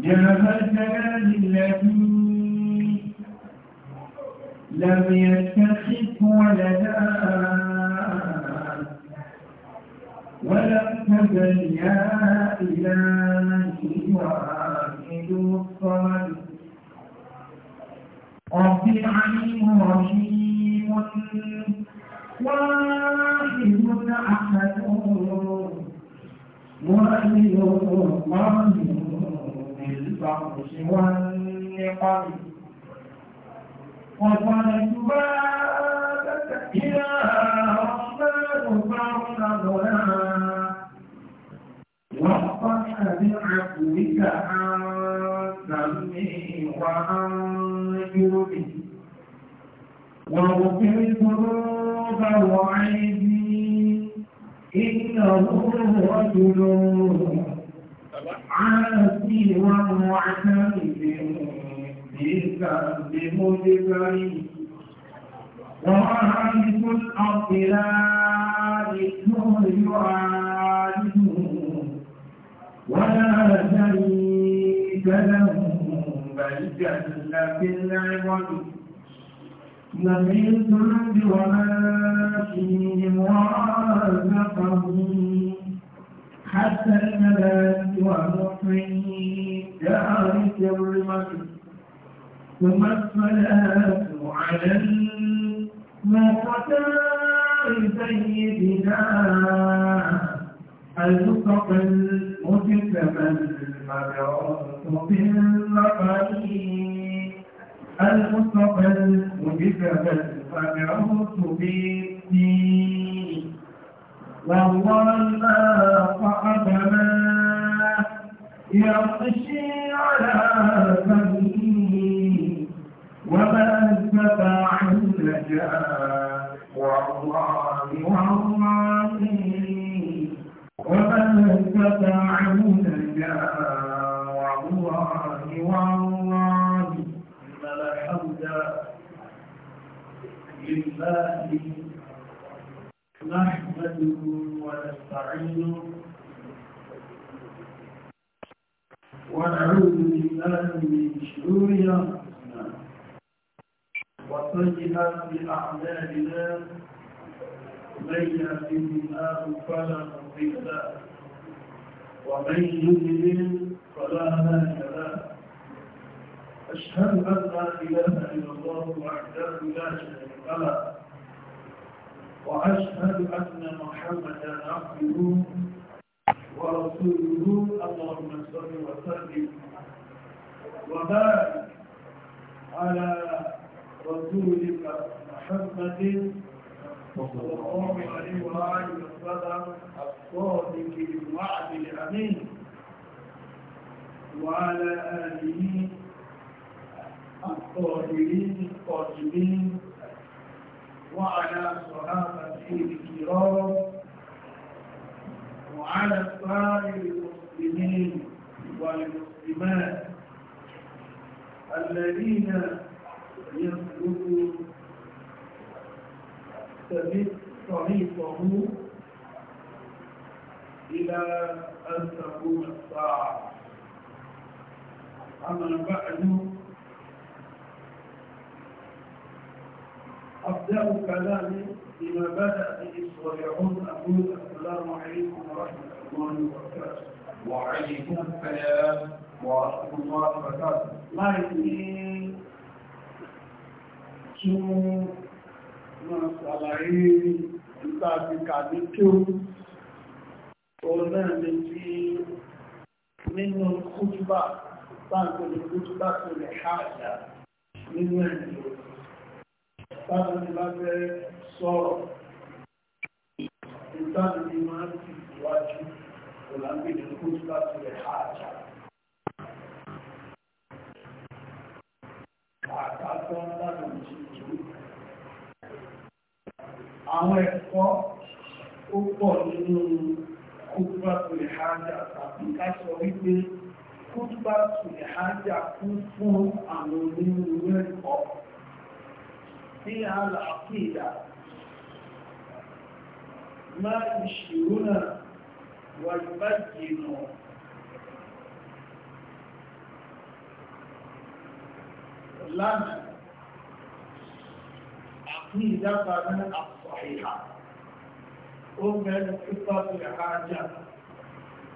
يا هل لم يتخذ ولدا ولم تبل يا إلهي واحد الصمد رب العليم رحيم واحد أحد مؤمن الله الفرش والنقر وصلت بابك إلى رحمن فارحمنا واصطح بعفوك عن سمي وعن جرمي واغفر ذنوب وعيدي إنه رجل عاصي ومعتمد بالذنب مجبري وعارف الأرض لا ذكر يعانده ولا شريك له بل جل في العوض نبيل وما فيهم ورزقهم حتى النبات ومحيي ذلك الرمل ثم الصلاة على المقتار سيدنا المصطفى المجتبى المبعوث بالرحيم المصطفى المجتبى المبعوث بالدين وهو الله أبنا يمشي على فمه وما استطاع النجاة والله والله وما استطاع النجاة والله والله إن الحمد لله نحمده ونستعينه ونعوذ بالله من شرور انفسنا وسيئات اعمالنا من يهده الله فلا مضل له ومن يضلل فلا هادي له أشهد أن لا إله إلا الله وحده لا شريك له وأشهد أن محمدا عبده ورسوله اللهم صل وسلم وبارك على رسولك محمد صلى الله عليه وآله وسلم الصادق الوعد الأمين وعلى آله الطاهرين الطاهرين وعلى صحابته الكرام وعلى سائر المسلمين والمسلمات الذين يسلكوا طريقه إلى أن تكون الساعة أما بعد أبدأ كلامي بما بدأ به الصالحون أقول السلام عليكم ورحمة الله وبركاته وعليكم السلام ورحمة الله وبركاته ما يمكن شو máa ṣàlàyé nípa àfikà ní kí ó òun náà lè fi nínú kútúbà báńkò ní sáà ní bá fẹ́ sọ̀rọ̀ ìtàní ní máa ń ti wájú olàgbèdè kó tó bá ti rẹ̀ hájà àtàkọ́ láti ìṣèjú àwọn ẹ̀kọ́ ó pọ̀ nínú kúrúbá tòlè hájà tàbí ká sọ wípé kúrúbá tòlè hájà kún fún àwọn onírúurú ẹ̀kọ́ فيها العقيدة ما يشيرون ويبينون لنا عقيدتنا الصحيحة ومن حفظ الحاجة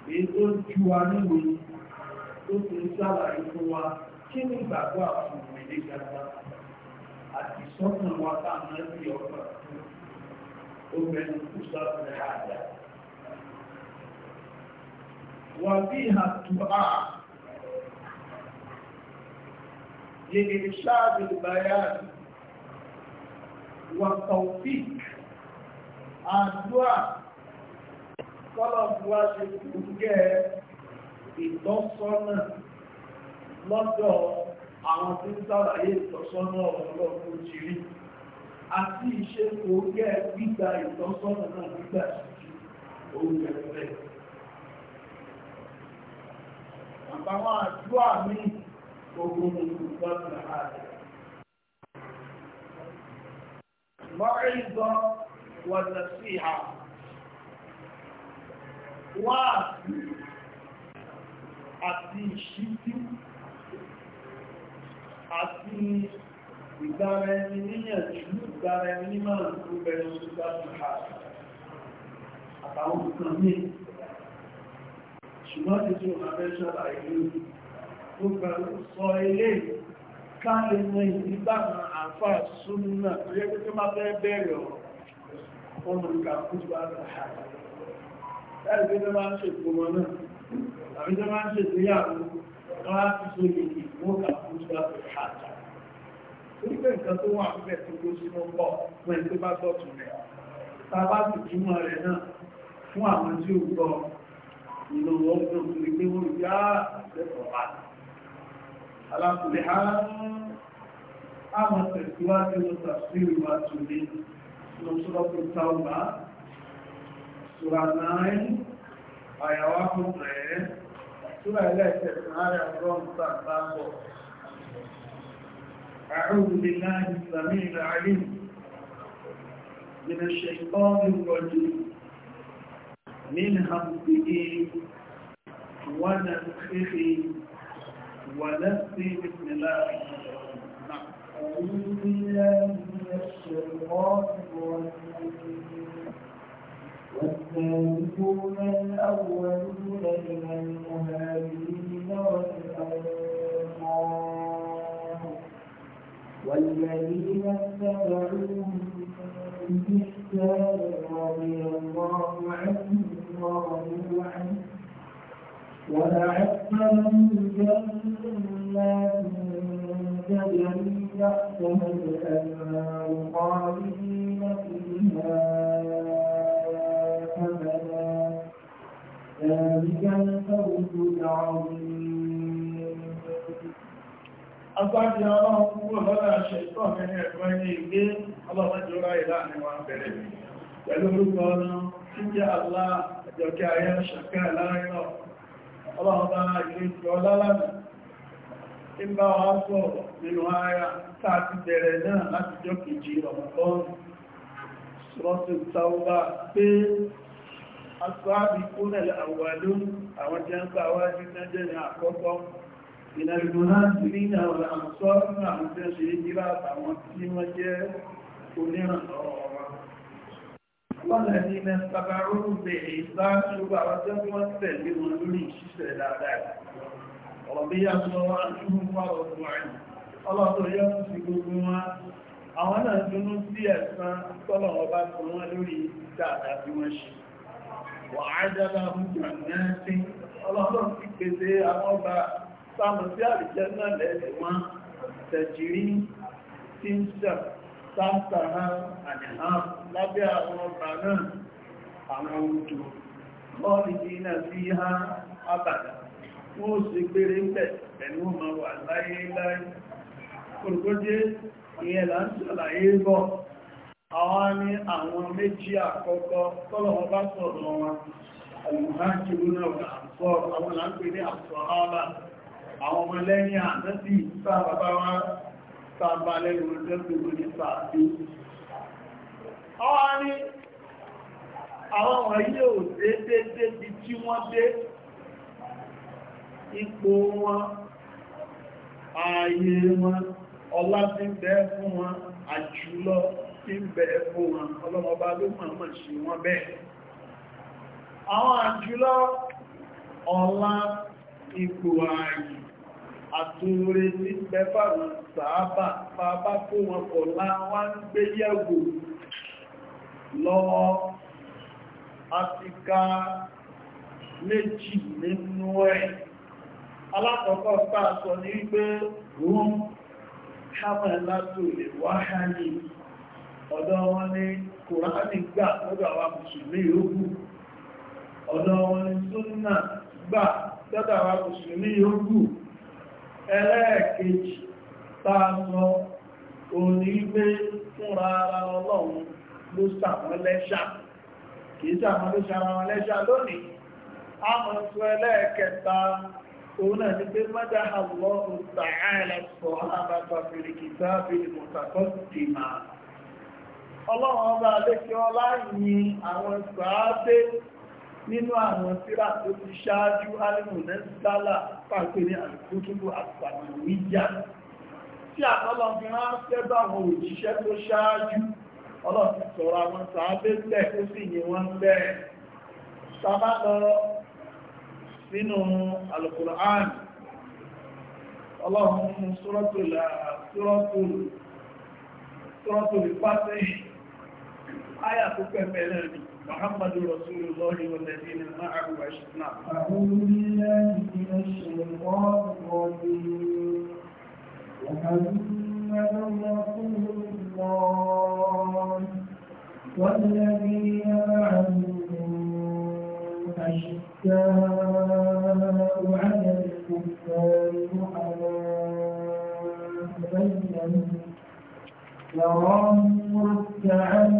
يقول جوانبي ó ti ń sára ikú wa kí ní àti sọ́kùn wọn táwọn ẹbí ọkọ̀ ó mẹ́nu kú sọ́kùn àdá. Wà bí ha tù á lèlè ṣáàbì bàyàrì wà tọ̀fík àdúrà kọ́lọ̀dúwà ṣe kúrú gẹ́ ìtọ́sọ́nà lọ́dọ̀ọ́ àwọn tí ń sàlàyé ìtọ́sọ́nà ọ̀pọ̀lọpọ̀ jìrì àti ìṣe kò gẹ́ gbígba ìtọ́sọ́nà náà gbígbà sí oúnjẹ rẹ̀. Àbáwọn àdúrà ní ogun olùgbọ́n ààrẹ. Mọ́rìnbọn wọ̀nà àti ìgbára ẹni níyànjú ìgbára ẹni ní máa ń kó bẹ̀rẹ̀ òṣìṣẹ́ àtàwọn nǹkan ní ṣùgbọ́n ti tí wọ́n abẹ́ ṣọ́lá ìlú tó pẹ̀lú sọ ilé káàlẹ̀ mọ́ ìdígbàmà àfáà súnmọ́ tó yẹ tó má fẹ́ bẹ̀rẹ̀ ọmọlùkà wọ́n á fi so èdè wọ́n kà fún sí láti àjà. Oríṣi nǹkan tó wà níbẹ̀ tó kó sínú pọ̀ fún ẹni tó bá gbọ́ tún rẹ̀. Ta bá sì túmọ̀ rẹ̀ náà fún àwọn tí ó gbọ́ ìlò ọ̀gbọ̀n tó lè gbé wọ́n rí bá. Alákùnrin á àwọn tẹ̀síwájú ló tàbí wà tó Súra ẹlẹ́ẹ̀kẹsàn ara ọ̀rọ̀n tàbá bọ̀. A'udhu billahi as-sami'il 'alim min ash-shaytanir rajim min hamzihi wa nafthihi wa nafthihi bismillahir rahmanir rahim. أعوذ بالله من الشيطان الرجيم والثالثون الأولون من المهاجرين والأنصار والذين اتبعوهم بإحسان رضي الله عنهم ورضوا عنه وأعد لهم جنات تجري تحتها الأنهار خالدين فيها ذلك الفوز العظيم Agbájá ọlọ́run kúrò lọ́la ṣe ìtọ́ mẹ́rin ẹ̀kọ́ ní ilé ọlọ́mọdé ọlá ìlànà wa bẹ̀rẹ̀ pẹ̀lú orúkọ ọ̀nà tí jẹ́ àlá ẹjọ́kẹ́ ayé ṣàkẹ́ láàrin ọlọ́run bá ilé ìjọ ọlálànà ń bá wa pọ̀ nínú ara tá ti bẹ̀rẹ̀ náà láti jọ́ kejì ọmọ asáàbí kúnlẹ̀ àwàlú àwọn jẹ́ ń pa wá ní nàìjíríà àkọ́kọ́ ìlànà láti rí àwọn àmọ́sọ́ àwọn tí ó ṣe jíra àtàwọn tí wọ́n jẹ́ onírànlọ́wọ́ wọ́n lè ní ilẹ̀ sàbàrú bèèrè ìsáàṣùgbà àwọn tí wọ́n tẹ̀lé wọn lórí ìṣiṣẹ́ dáadáa ọ̀bí yàtọ̀ wọn ṣúgbọ́n wọn sí gbogbo tọ́lọ̀ ọba fún wọn lórí dáadáa bí wọ́n ṣe wà ájára mújà náà sí ọlọ́run ti pèsè àwọn ọba sáàmù sí àrìjẹ́ náà lẹ́lẹ̀ wọn tẹ̀jìrí tí ń sẹ̀ sáàtàrà àdìhàn lábẹ́ àwọn ọba náà àwọn òjò lọ́ọ̀lì dínà sí ha abàdà wọ́n ó sì gbére pẹ̀lú ọmọ wà láyé láyé àwọn ní àwọn méjì àkọ́kọ́ tọ́lọ̀wọ́ bá sọ̀rọ̀ wọn alìmọ̀hájìrú náà àpọ̀ àwọn láńpé ní àpọ̀háàbà àwọn ọmọ lẹ́yìn àtẹ́sì sáàbàbá wá sáàbà lẹ́yìn olùdẹ́gbogbo ní sàájú àwọn ní àwọn wọ̀nyí ò dédédé bí tí wọ́n dé ipò wọn ààyè wọn ọlá tí ń bẹ fún wọn àjùlọ ti ń bẹ ẹ̀kọ́ wọn ọlọ́mọba ló mọ̀ọ́mọ̀ sí wọn bẹ́ẹ̀ àwọn àjùlọ ọlá ipò ààyè àtúnrẹ ní pẹ́fàwọn sàábà bàbá kó wọn pọ̀ láwá ń gbé yẹ̀wò lọ́wọ́ àtìká méjì nínú ẹ̀ alákọ̀ọ́kọ́ pàṣọ ní pé rún kámẹ́lá tó lè wáhálì ọ̀dọ́ wọn ni kòránì gbà lọ́dọ̀ àwọn mùsùlùmí yòókù ọ̀dọ́ wọn ni súnnà gbà lọ́dọ̀ àwọn mùsùlùmí yòókù ẹlẹ́ẹ̀kejì tààsọ òní fúnra ara ọlọ́run ló sàwọn ló òun pé ti máa ọlọ́run ọba àlékí ọlá yìn àwọn sàábé nínú àwọn tírà tó ti ṣáájú alìmùnẹ́sálà pàpẹ ní àkótúbù àpàmìyà tí àtọ́lọ́n fi ránṣẹ́ bá àwọn òjíṣẹ́ tó ṣáájú ọlọ́run ti sọ̀rọ̀ àwọn sàábé lẹ̀ ó sì yìn wọ́n lẹ̀ sábà lọ sínú alùkùrán ọlọ́run mú sọ́rọ́tò lè pàtẹ́yìn آية تكمل محمد رسول الله والذين معه أشدنا أعوذ بالله من الشيطان الرجيم ومحمد رسول الله والذين معه أشداء على الكفار رحماء بينهم يراهم ركعا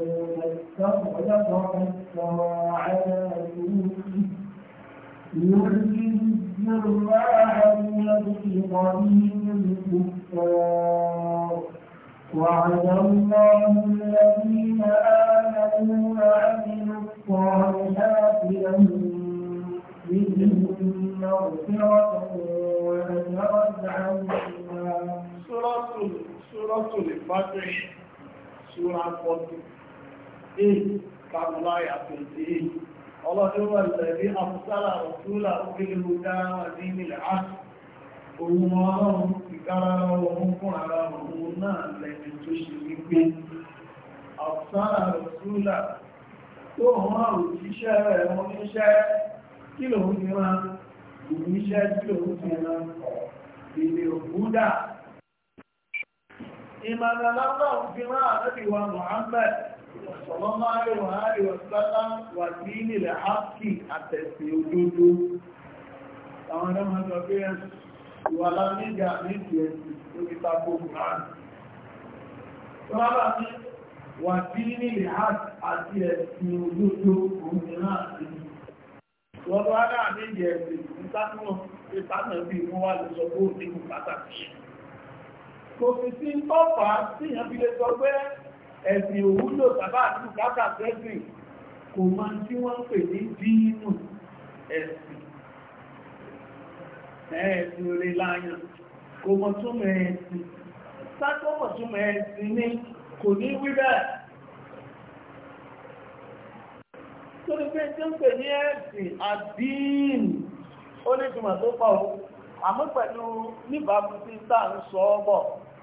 فاغلق الساعة يرجي الزراع ليبغض به الكفار وعد الله الذين آمنوا وعملوا الصالحات لهم بهم مغفرة وأجرا عظيما سورة سورة الفتح سورة 44 Ọlọ́dún wọ́n lẹ̀rí àfúsára ọ̀túlà òkèlúgbà ní ilẹ̀ àti ohun ọlọ́run ìkára ọlọ́run fún ara òun náà lẹ́ni tó ṣe wípé. Àfúsára ọ̀túlà tó wọ́n òjíṣẹ́ rẹ̀ wọ́n níṣẹ́ kí òfin rán àtẹ́bíwà Mùhàmmad ọlọ́mọ àríwá àríwá sọ́lá wà ní ilẹ̀ ápì àtẹ̀sẹ̀ òdodo àwọn ọmọ ọjọ́ pé ìwà lámídà ní ìtìẹ̀sì tó ti tako kùránì tó bá bá ní wà ní ilẹ̀ àti ẹ̀sìn òdodo òmìnira àti wọ́n bá dáa ní ìjẹ̀ẹ̀sì ìtàkùn ìtàkùn bí wọ́n wá lè sọ bóòdì kù pàtàkì kò sì sí tọ́pàá sí ìyàn fi lè sọ pé ẹ̀sìn òwúlò bàbá àti bùkátà sẹ́sìn kò mọ tí wọ́n pè ní dínú ẹ̀sìn ẹ̀sìn orí láyàn kò mọ túnmọ̀ ẹ̀sìn sákọ́mọ̀ túnmọ̀ ẹ̀sìn ní kò ní wíbẹ̀ torí pé tí ń pè ní ẹ̀sìn ó ní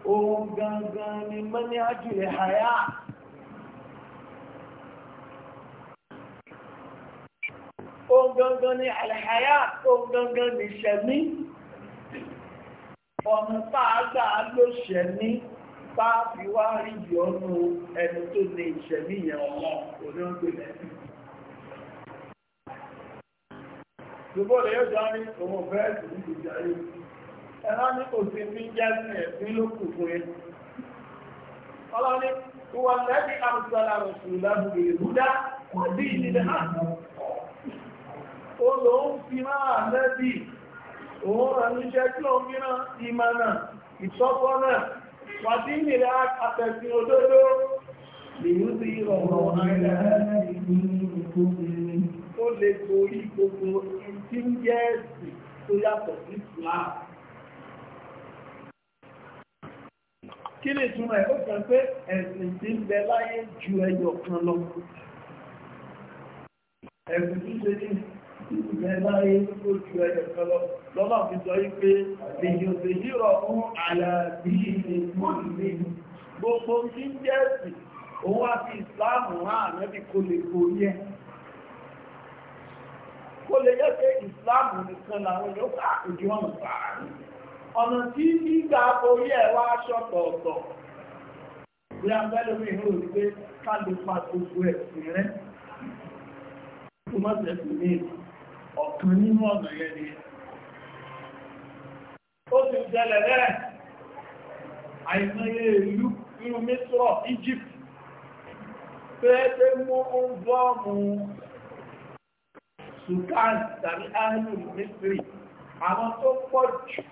ohun gangan ni mọ́níájú rẹ̀ àyà ohun gangan ni àlẹ́hàyà ohun gangan ni ṣẹ̀mí ọ̀nà tààgbà ló ṣẹ̀mí táàfi wá rí ìyọnu ẹni tó ní ìṣẹ̀mí yẹn ọmọ onígbèlẹ̀ ṣùgbọ́n lè yóò dání òun bẹ́ẹ̀ tó ń gbèjà yìí ẹ̀rọ ni kò sí fi ń jẹ́sìn ẹ̀sìn ló kù fún yẹn. ọlọ́ni ìwọ lẹ́bí àrùsọ̀lá rọ̀sùn lábùgbé ìrúdá kò sí ìdílé náà. ó lò ń fi máa lẹ́bí òun rà níṣẹ́ tí ó ń fíràn ìmọ̀nà ìtọ́gbọ́n náà wà sí ìnira àtẹ̀sìn òdodo lèyún sí ìrọ̀rọ̀ àìlẹ́ ó lè borí gbogbo ìtí tó yàtọ̀ sí Islam. kí lè túnmọ̀ ẹ̀ ó kàn pé ẹ̀sìn tí ń bẹ láyé ju ẹyọ kan lọ ẹ̀sìn tí ṣe ní ìbẹ̀ láyé ó ju ẹyọ kan lọ lọ́nà fi sọ wípé èyàn lè yíra fún àlàbí ìrìnkúrìnì gbogbo tí ń jẹ́ ẹ̀sìn ó wá sí ìsìláàmù láàrín ẹbí kò lè borí ẹ̀ kó lè yẹ́ pé ìsìláàmù nìkan làwọn yóò kà àkójú ọ̀nà báà ọ̀nà tí nígbà orí ẹ̀ wá ṣọ̀tọ̀ọ̀tọ̀ bí abẹ́lẹ̀ mi rò rí pé ká lè pa gbogbo ẹ̀sìn rẹ̀ tó má tẹ̀sí ní ọ̀kan nínú ọ̀nà yẹn ni ó ti jẹlẹ̀ bẹ́ẹ̀ àìmọye ìlú inú mísírọ̀ Egypt pẹ́ẹ́pẹ́ mú ń bọ́ọ̀mù sudan tàbí ahlu mísírì àwọn tó pọ̀ jù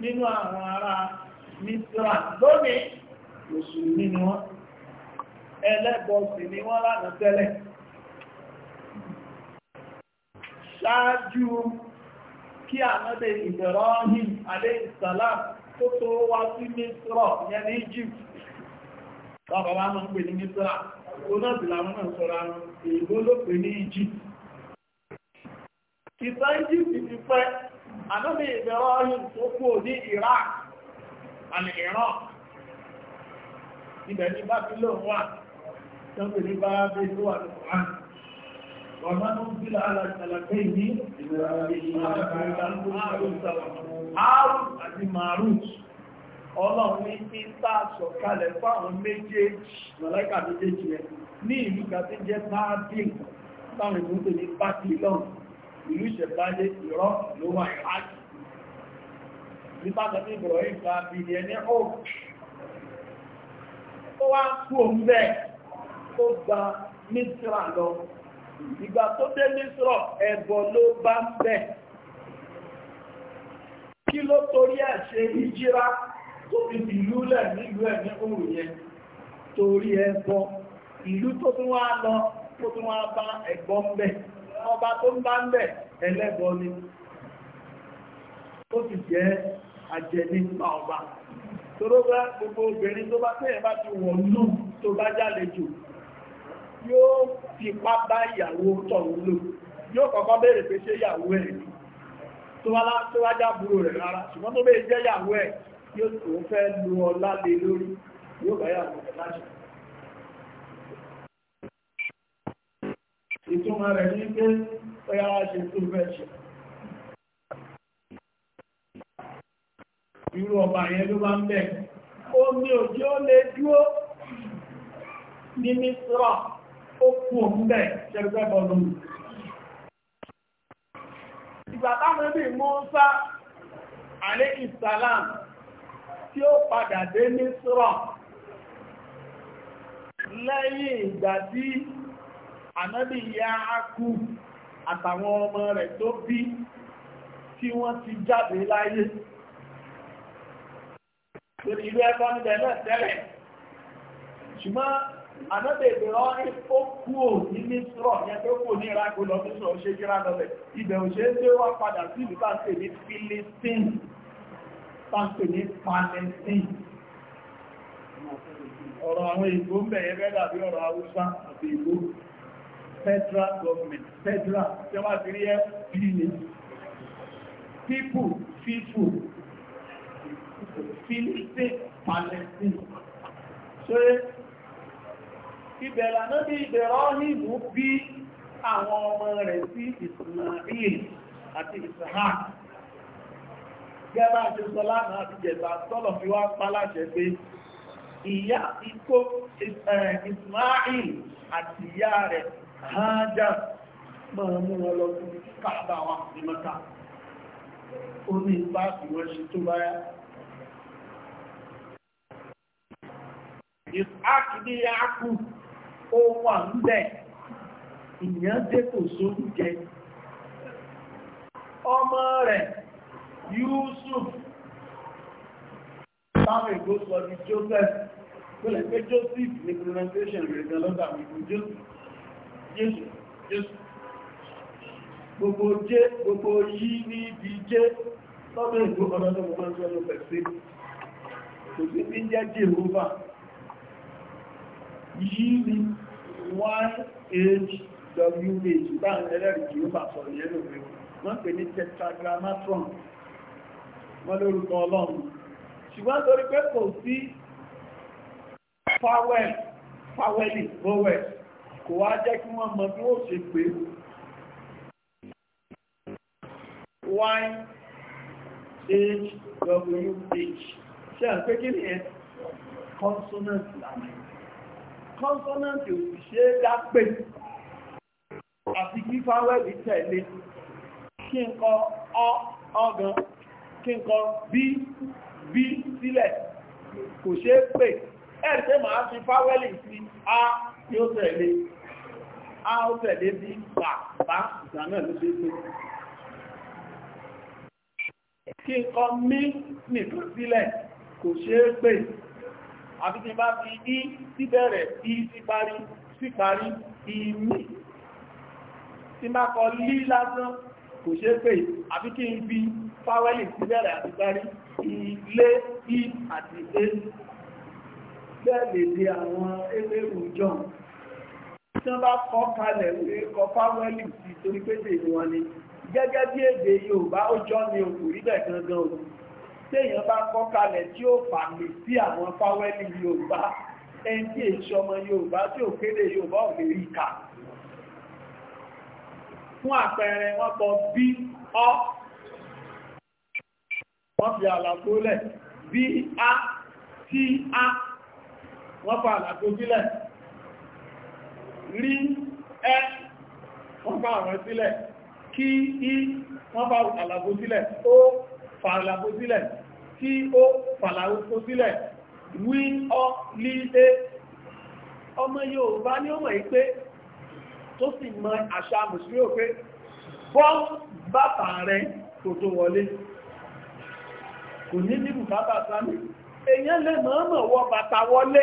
nínú àwọn ará mitra lónìí mùsùlùmí nínú wọn, ẹlẹ́bọ̀sì ni wọ́n lánàá tẹ́lẹ̀ ṣáájú kí ànádé Ibrahim alayhi salam tó tó wá sí mitra yẹn ní Egypt bàbá wa ń pè ní Mísírà náà àdọ́bí ìbẹ̀rọ ọyún tó kú ní Iraq àmì Iraq ibẹ̀ ní Babylon wà tọ́bí ní bá bí tó wà ní Quran wọ́n máa ń bí alàtàlàkẹ́ ìní ọlọ́run ní tí tá sọ̀kalẹ̀ fáwọn méjèèjì mọ̀lẹ́kà méjèèjì ẹ̀ ní ìlú kàtí jẹ́ bá bí táwọn ìlú tó ní bá bí lọ́rùn ìlú ìṣẹ̀báyé ìrọ́ ló wà ìrájì nípasẹ̀ tí Ibrahim bá bí ní ẹni ọ̀rọ̀ ó wá kú òun bẹ́ẹ̀ tó gba Mísírà lọ ìgbà tó dé Mísírà ẹ̀bọ̀ ló bá ń bẹ̀ kí ló torí ẹ̀ ṣe ìjírá tó fi ìlú lẹ̀ nílùú ẹ̀ ní òun yẹn torí ẹ̀bọ̀ ìlú tó tún wá lọ tó tún wá bá ẹ̀gbọ́n bẹ́ẹ̀ ọba tó ń bá ń bẹ̀ ẹlẹ́bọ ni ó sì jẹ́ àjẹni nípa ọba tóró bá gbogbo obìnrin tó bá tẹ́yẹ̀ bá ti wọ̀ lù tó bá jáde jù yóò fipá bá ìyàwó tọ̀hún lò yóò kọ́kọ́ béèrè pé ṣé ìyàwó ẹ̀ ni tó wá jábúrò rẹ̀ rárá ṣùgbọ́n tó bẹ́ẹ̀ jẹ́ ìyàwó ẹ̀ yóò tó fẹ́ lu ọlá lórí yóò bá yàwó rẹ̀ láṣẹ ìtumọ̀ rẹ̀ ní pé ọya ṣe tó fẹ́ṣẹ̀ irú ọba yẹn ló bá ń bẹ̀ omi òjò ó lè dúó ní mísírà ó kú òun bẹ̀ ṣẹgbẹ́ bọ̀lú ìgbà táwọn ẹbí Mùsá alayhi salam tí ó padà dé mísírà lẹ́yìn ìgbà ànábì ya ákú àtàwọn ọmọ rẹ̀ tó bí tí wọ́n ti jáde láyé ìlú ẹ̀kọ́ níbẹ̀ náà tẹ́lẹ̀ ṣùgbọ́n ànábì ìbẹ̀rọ ó kú ò ní mísírọ̀ yẹn tó kú ní ìrákò lọ mísírọ̀ ṣe jíra lọ́lẹ̀ ibẹ̀ ò ṣe é tí ó wá padà sí ìlú tàǹtẹ̀ ní Philistine tàǹtẹ̀ ní Palestine ọ̀rọ̀ àwọn ìgbó ń bẹ̀yẹ fẹ́ dàbí ọ̀rọ̀ Haúsá àti ìgbó federal government federal tẹwà sí rí fp ni people people philistine palestine ṣe ibẹ̀lá náà bí ìbẹ̀rọ nínú bí àwọn ọmọ rẹ̀ sí Ismail àti Ishaq gẹ́gbà ṣe sọ lánàá àti jẹta tọ́lọ̀ fi wá páláṣẹ pé ìyá ikó eh, Ismail àti ìyá rẹ̀ hajjá máa mú wọn lọ sí káàbà wa ní mọ́ta ó ní ipá tí wọ́n ṣe tó báyá ìsáàkìdí àkú ó wà ń bẹ̀ ìyàn kò sóúnjẹ ọmọ rẹ̀ Yusuf táwọn ègbó sọ ní Joseph tó lẹ́gbẹ́ Joseph ní pronunciation rẹ̀ lọ́dà wípé jésù jésù gbogbo jé gbogbo yí ní ibi jé lọ́dọ̀ ìlú ọ̀nà tó mọ́ jẹ́ ló pẹ̀sí kò sí bí jẹ́ jehova yí ní yh báyìí ẹlẹ́rìí jehova sọ̀rọ̀ yẹn lórí wọ́n pè ní tetragrammatron wọ́n lórúkọ ọlọ́run ṣùgbọ́n torí pé kò sí powell powell powell kò wá jẹ́ kí wọ́n mọ bí ó ṣe pé YHWH ṣe à ń pé kí ni ẹ consonant lànà consonant ò ṣe é dá pé àti kí fáwẹ́bì tẹ̀lé kí n kọ ọ ọgán kí n kọ bí bí sílẹ̀ kò ṣe é pè ẹ̀ẹ́dẹ́ màá fi fáwẹ́lì sí a yóò tẹ̀lé á ó tẹ̀lé bí bàbá ìdáná ló dé tó kí n kọ mí nìkan sílẹ̀ kò ṣeé pè àbí ti bá fi í síbẹ̀rẹ̀ í sí parí sí parí ìmí tí má kọ lí lásán kò ṣeé pè àbí kí n fi fáwẹ́lì síbẹ̀rẹ̀ àti parí ilé í àti é bẹ́ẹ̀ lè di àwọn ẹgbẹ̀rún john tí wọ́n bá kọ́ kalẹ̀ wé kọ fáwẹ́lì sí torí pé èdè wọn ni gẹ́gẹ́ bí èdè Yorùbá ó jọ ni òkú rí bẹ́ẹ̀ gangan o téèyàn bá kọ́ kalẹ̀ tí ó fàmì sí àwọn fáwẹ́lì Yorùbá ẹni tí èso ọmọ Yorùbá tí ò kéde Yorùbá ò lè rí kà fún àpẹẹrẹ wọ́n kọ bí ọ́ wọ́n fi àlàfo lẹ̀ bí a tí a wọ́n fa àlàfo sílẹ̀ rí ẹ́ wọ́n bá àwọn sílẹ̀ kí í wọ́n bá àlàbò sílẹ̀ ó fà àlàbò sílẹ̀ tí ó fà àlàbò sílẹ̀ wí ọ lí é ọmọ Yorùbá ní ọmọ ìpé tó sì mọ àṣà mùsùlùmí ò pé bọ́ bàtà rẹ̀ kò tó wọlé kò ní níbù bàtà sáàmì èèyàn lè mọ̀ọ́mọ̀ wọ bàtà wọlé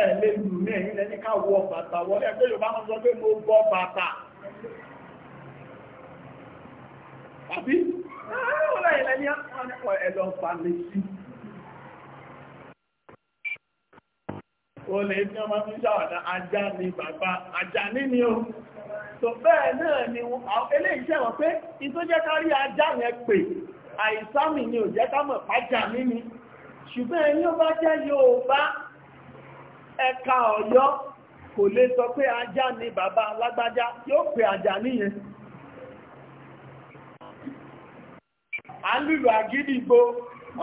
ẹ̀ lè lù mí ẹ̀yìn lẹ́ní ká wọ bàtà wọlé ẹgbẹ́ Yorùbá máa sọ pé mo bọ́ bàtà àbí ọ̀rọ̀ ìlẹ́ni ẹ̀lọ́ falẹ̀ sí olè tí wọ́n máa fi ṣàwàdà ajá ni bàbá ajá ní ni o tó bẹ́ẹ̀ náà ni eléyìí ṣẹ̀wọ̀n pé ìtọ́jẹ́ kárí ajá yẹn pè àìsámì ni ò jẹ́ ká mọ̀ pàjá ní ni ṣùgbọ́n ẹni ó bá jẹ́ Yorùbá ẹ̀ka Ọyọ kò lè sọ pé ajá ni bàbá alágbájá yóò pè ajá níyẹn àlùlù àgídìgbò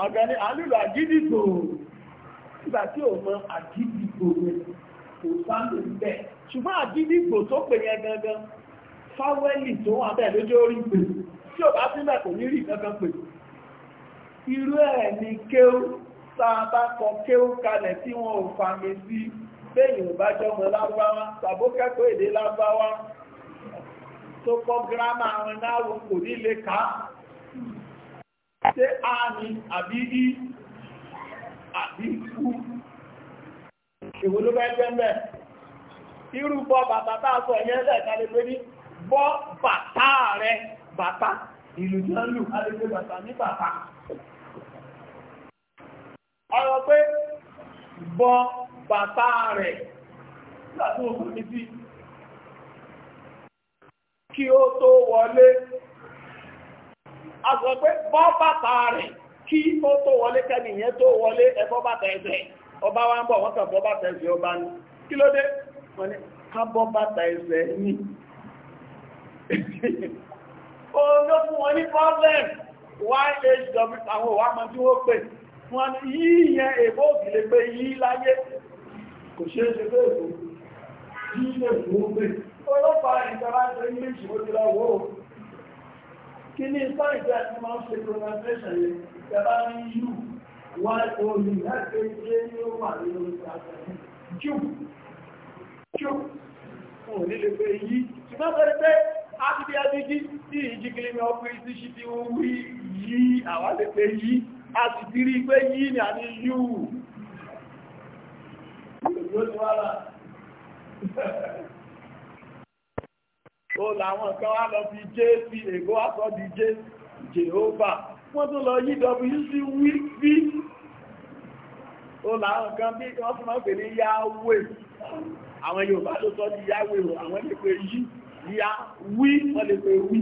ọ̀gẹ̀ni àlùlù àgídìgbò nígbà tí ò mọ àgídìgbò rẹ̀ kò sáàlù bẹ́ẹ̀ ṣùgbọ́n àgídìgbò tó pè yẹn gangan fáwẹ́lì tó wà bẹ́ẹ̀ lójú orí pè tí ò bá sílẹ̀ kò ní rí gangan pè irú ẹ̀ ni kéwù sáàbá kọ kéwú kalẹ̀ tí wọn ò fàmì sí lẹ́yìn ò bá jọmọ lárúbáwá tàbó kẹ́kọ̀ọ́ èdè lárúbáwá tó kọ́ gírámà àwọn náwó kò ní lè ká ṣé a ní àbí í àbí kú ìwò ló fẹ́ jẹ́ mẹ́ irú bọ́ bàtà tá a sọ yẹn lẹ́ẹ̀ka lè pé ní bọ́ bàtà rẹ bàtà ìlú jẹ́ lù a lè pé bàtà ní bàtà ọ̀rọ̀ pé bọ bàtà rẹ̀ láti wọ́n fún mi sí kí ó tó wọlé a sọ pé bọ́ bàtà rẹ̀ kí ó tó wọlé kẹ́ni ìyẹn tó wọlé ẹ̀bọ́ bàtà ẹ̀sẹ̀ ọba wa ń bọ̀ wọ́n kàn bọ́ bàtà ẹ̀sẹ̀ ọba ní kí ló dé wọ́n ní ká bàtà ẹ̀sẹ̀ ní òun ló fún wọn ní problem yhw àwọn òwà mọ́ tí wọ́n pè wọ́n ti yí yẹn èbó òkèlè pé yí láyé kò ṣe é ṣe pé èbó yí lè mú pé ọlọ́pàá ìjọba ṣe english ó ti lọ́wọ́ kí ní sáìjẹ́ àti máa ń ṣe pronunciation yẹn ìjọba ní yú wá omi láti ṣe ní ó wà nínú ìjọba jù jù fún onílé pé yí ṣùgbọ́n pẹ̀lú pé ábíbí adíjí tí ìjìkìlì mi ọkùnrin ti ṣe ti wí yí àwálẹ̀ pé yí a sì ti rí pé yí ni àní yú ó làwọn kan wá lọ fi jé sí èkó àtọ́ di jé Jehovah wọ́n tún lọ yí w sí wí bí ó làwọn kan bí wọ́n tún máa pè ní yáwé àwọn Yorùbá ló sọ ní yáwé o àwọn lè pè yí yá wí wọ́n lè pè wí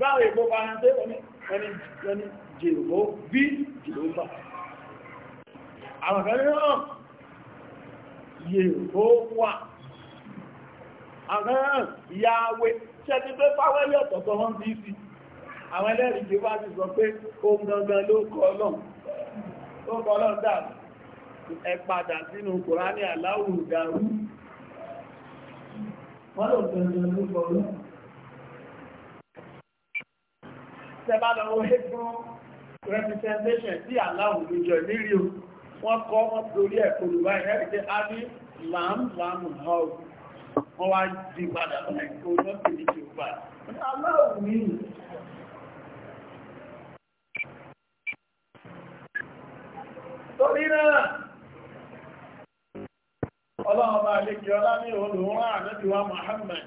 báwo èkó faransé wọ́n ni jèrò bí jèrò bà àwọn àgbẹ̀rẹ̀ náà yèrò wà àwọn ìyàwó ṣe ti pé fáwọn ẹlẹ́ ọ̀tọ̀ọ̀tọ̀ wọn bí sí àwọn ẹlẹ́rìí tí wá ti sọ pé ohun gangan ló kọ ọlọ́run tó kọ ọlọ́run dàbí ẹ padà sínú kòránì aláwù dàrú wọ́n lò gangan ló kọ ọlọ́run tẹ́bá representation tí aláwọ̀ lójọ nírí o wọ́n kọ́ wọ́n torí ẹ̀kọ́ olùbá ìrẹ́rìkẹ́ a ní lamb lamb hall wọ́n wá di padà láìkó wọ́n pè ní ṣùgbà aláwọ̀ ní torí náà Ọlọ́run bá lè kí ọlá ní olùwọ́n àmẹ́bíwá Muhammad.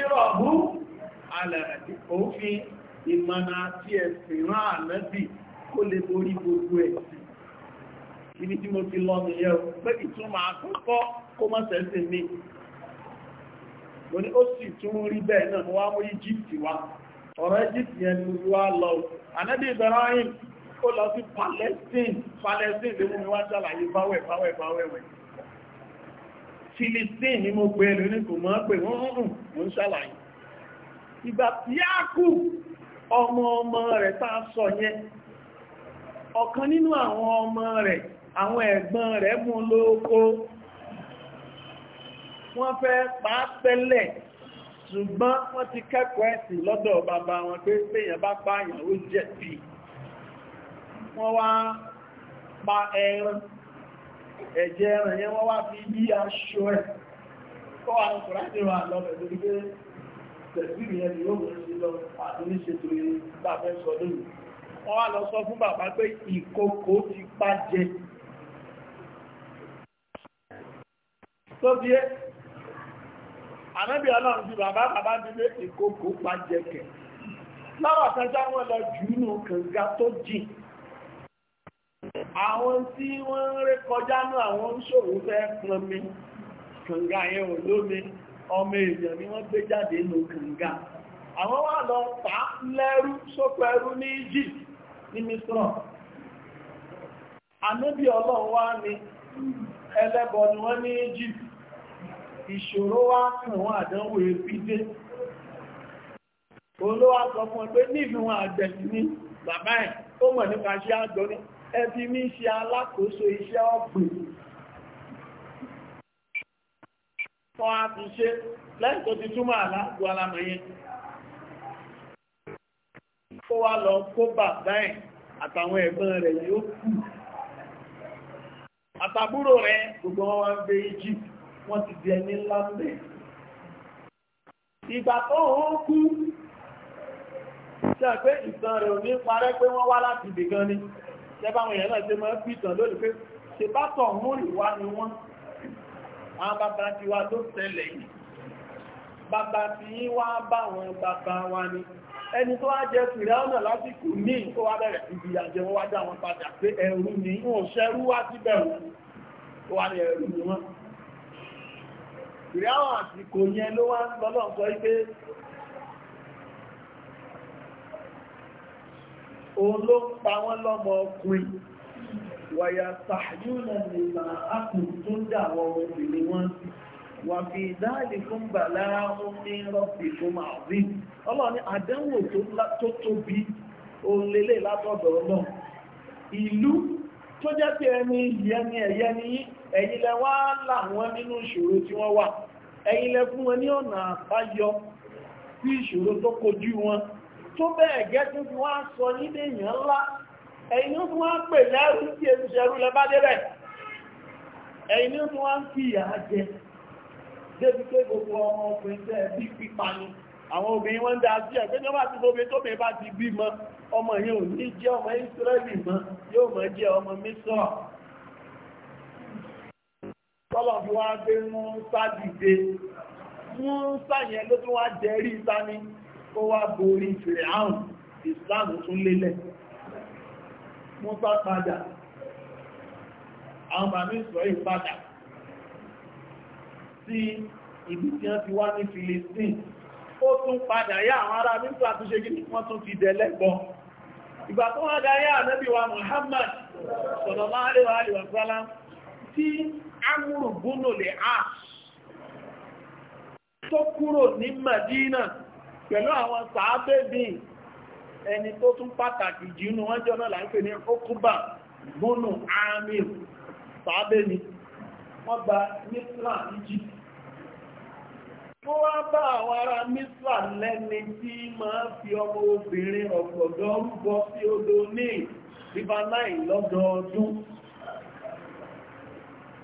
Ìrọ̀bú alàrẹ̀dì òfin ìmọ̀nà àti ẹ̀sìn rán ànẹ́bì kó lè borí gbogbo ẹ̀sìn ibi tí mo ti lọ nìyẹn pé ìtumọ̀ àkọ́kọ́ kó mọ́ sẹ́sìn mi mo ní ó sì tún rí bẹ́ẹ̀ náà mo wá mú Egypt wá ọ̀rọ̀ Egypt yẹn ni mo wá lọ ànẹ́bì Ibrahim ó lọ sí Palestine Palestine ló mú mi wá ṣàlàyé báwẹ̀ báwẹ̀ báwẹ̀ Philistine ni mo gbé lónìí kò mọ́ pé wọ́n ń ṣàlàyé ìgbà tí Ákù ọmọ ọmọ rẹ̀ tá sọ yẹn ọ̀kan nínú àwọn ọmọ rẹ̀ àwọn ẹ̀gbọ́n rẹ̀ mú lóko wọ́n fẹ́ pàápẹ́lẹ̀ ṣùgbọ́n wọ́n ti kẹ́kọ̀ọ́ ẹ̀sìn lọ́dọ̀ bàbá wọn pé péyàn bá pààyàn ó jẹ̀bi wọ́n wá pa ẹran ẹ̀jẹ̀ ẹran yẹn wọ́n wá fi yí aṣọ ẹ̀ kọ́ àwọn kòrò tẹ̀sílì yẹn ni yóò mú sí lọ àti níṣètò ìgbàfẹ́ sọ lónìí wọ́n wá lọ sọ fún bàbá pé ìkòkò ti pàjẹ́ tó bí é ànábì ọlọ́run ti bàbá bàbá ti lé ìkòkò pàjẹ́ kẹ̀ láwọn àtàjá wọn lọ jù nù kànga tó jìn àwọn tí wọ́n ń rékọjá náà àwọn ń ṣòwò fẹ́ pọnmi kànga yẹn ò lómi ọmọ èèyàn ni wọ́n gbé jáde nù kànga àwọn wà lọ tà lẹ́rú sókò ẹrú ní Egypt ní Misra ànábì ọlọ́run wá ní ẹlẹ́bọ ni wọ́n ní Egypt ìṣòro wá kàn wọ́n àdánwò ebi dé olówá sọ fún ẹ pé níbi wọn àgbẹ̀ ní bàbá ẹ̀ ó mọ̀ nípa iṣẹ́ àgbọ̀ ní ẹbí mi ṣe alákòóso iṣẹ́ ọ̀gbìn kọ́ á fi ṣe lẹ́yìn tó ti túmọ̀ àlá ju alamọ̀ yẹn kó wá lọ kó bàbá ẹ̀ àtàwọn ẹ̀gbọ́n rẹ̀ yóò kú àtàbúrò rẹ̀ gbogbo wọn wá ń gbé Egypt wọ́n ti di ẹni ńlá mbẹ̀ ìgbà tó ń kú ṣe pé ìtàn rẹ̀ ò ní parẹ́ pé wọ́n wá láti ibì gan ni ṣẹ́báwọn èèyàn náà ṣe máa ń pìtàn lónìí pé ṣe bá tọ̀ ń rí ni wọ́n àwọn bàbá ti wá tó tẹ́lẹ̀ yìí bàbá ti yí wá bá wọn bàbá wa ni ẹni tó wá jẹ fìrẹ́ọ̀nà lásìkò ní tó wá bẹ̀rẹ̀ ìgbìyànjẹ wọn wá dá wọn padà pé ẹrú ni wọn ṣẹrú wá sí bẹ̀rù tó wá ní ẹrú ni wọn fìrẹ́ọ̀nà àsìkò yẹn ló wá ń lọ́lọ́ sọ pé òun ló pa wọn lọ́mọ ọkùnrin wàyà sàájúnà nìmà ákùn tó ń dà àwọn obìnrin wọn wà fún ní tó tóbi látọ̀dọ̀ náà ìlú tó jẹ́ pé ẹni ìyẹni ẹ̀yin wá láwọn nínú ìṣòro tí wọ́n wà ẹ̀yin fún wọn ní ọ̀nà àbáyọ sí ìṣòro tó kojú wọn tó bẹ́ẹ̀ gẹ́ tó wá ẹ̀yin ó tún wá ń pè lẹ́rú tí èsùsẹ̀rú lẹ bá débẹ̀ ẹ̀yin ó tún wá ń fi ìyà jẹ débi pé gbogbo ọmọ ọkùnrin tẹ́ bí pípa ni àwọn obìnrin wọ́n ń dá sí ẹ̀gbẹ́ níwọ̀n àti gbogbo tó bẹ̀ẹ́ bá ti bí mọ́ ọmọ yìí ò ní jẹ́ ọmọ Ísírẹ́lì mọ́ yóò mọ́ jẹ́ ọmọ mísọ́ tọ́lọ̀ fi wá gbé mú sádìde mú sáyẹn Islam tún lélẹ̀ Musa padà àwọn bàbí Israel padà sí ibi tí wọ́n ti wá ní Philistine ó tún padà yá àwọn ará mímọ̀ àtúnṣe gíní wọ́n tún ti dẹ̀lẹ́gbọ́ ìgbà tó wá dá yá ànábì wa Muhammad sallallahu alaihi wa sallam tí amúrù gúnnù lè áṣì tó kúrò ní Madina pẹ̀lú ẹni tó tún pàtàkì jínú wọ́n jọ náà láńpé ní okúbà gbónù amir tàbẹ́ ni wọ́n gba misra Egypt tó wá bá àwọn ará misra lẹ́ni tí máa fi ọmọ obìnrin ọ̀pọ̀dọ́ ń bọ́ sí odò ní river nile lọ́dọọdún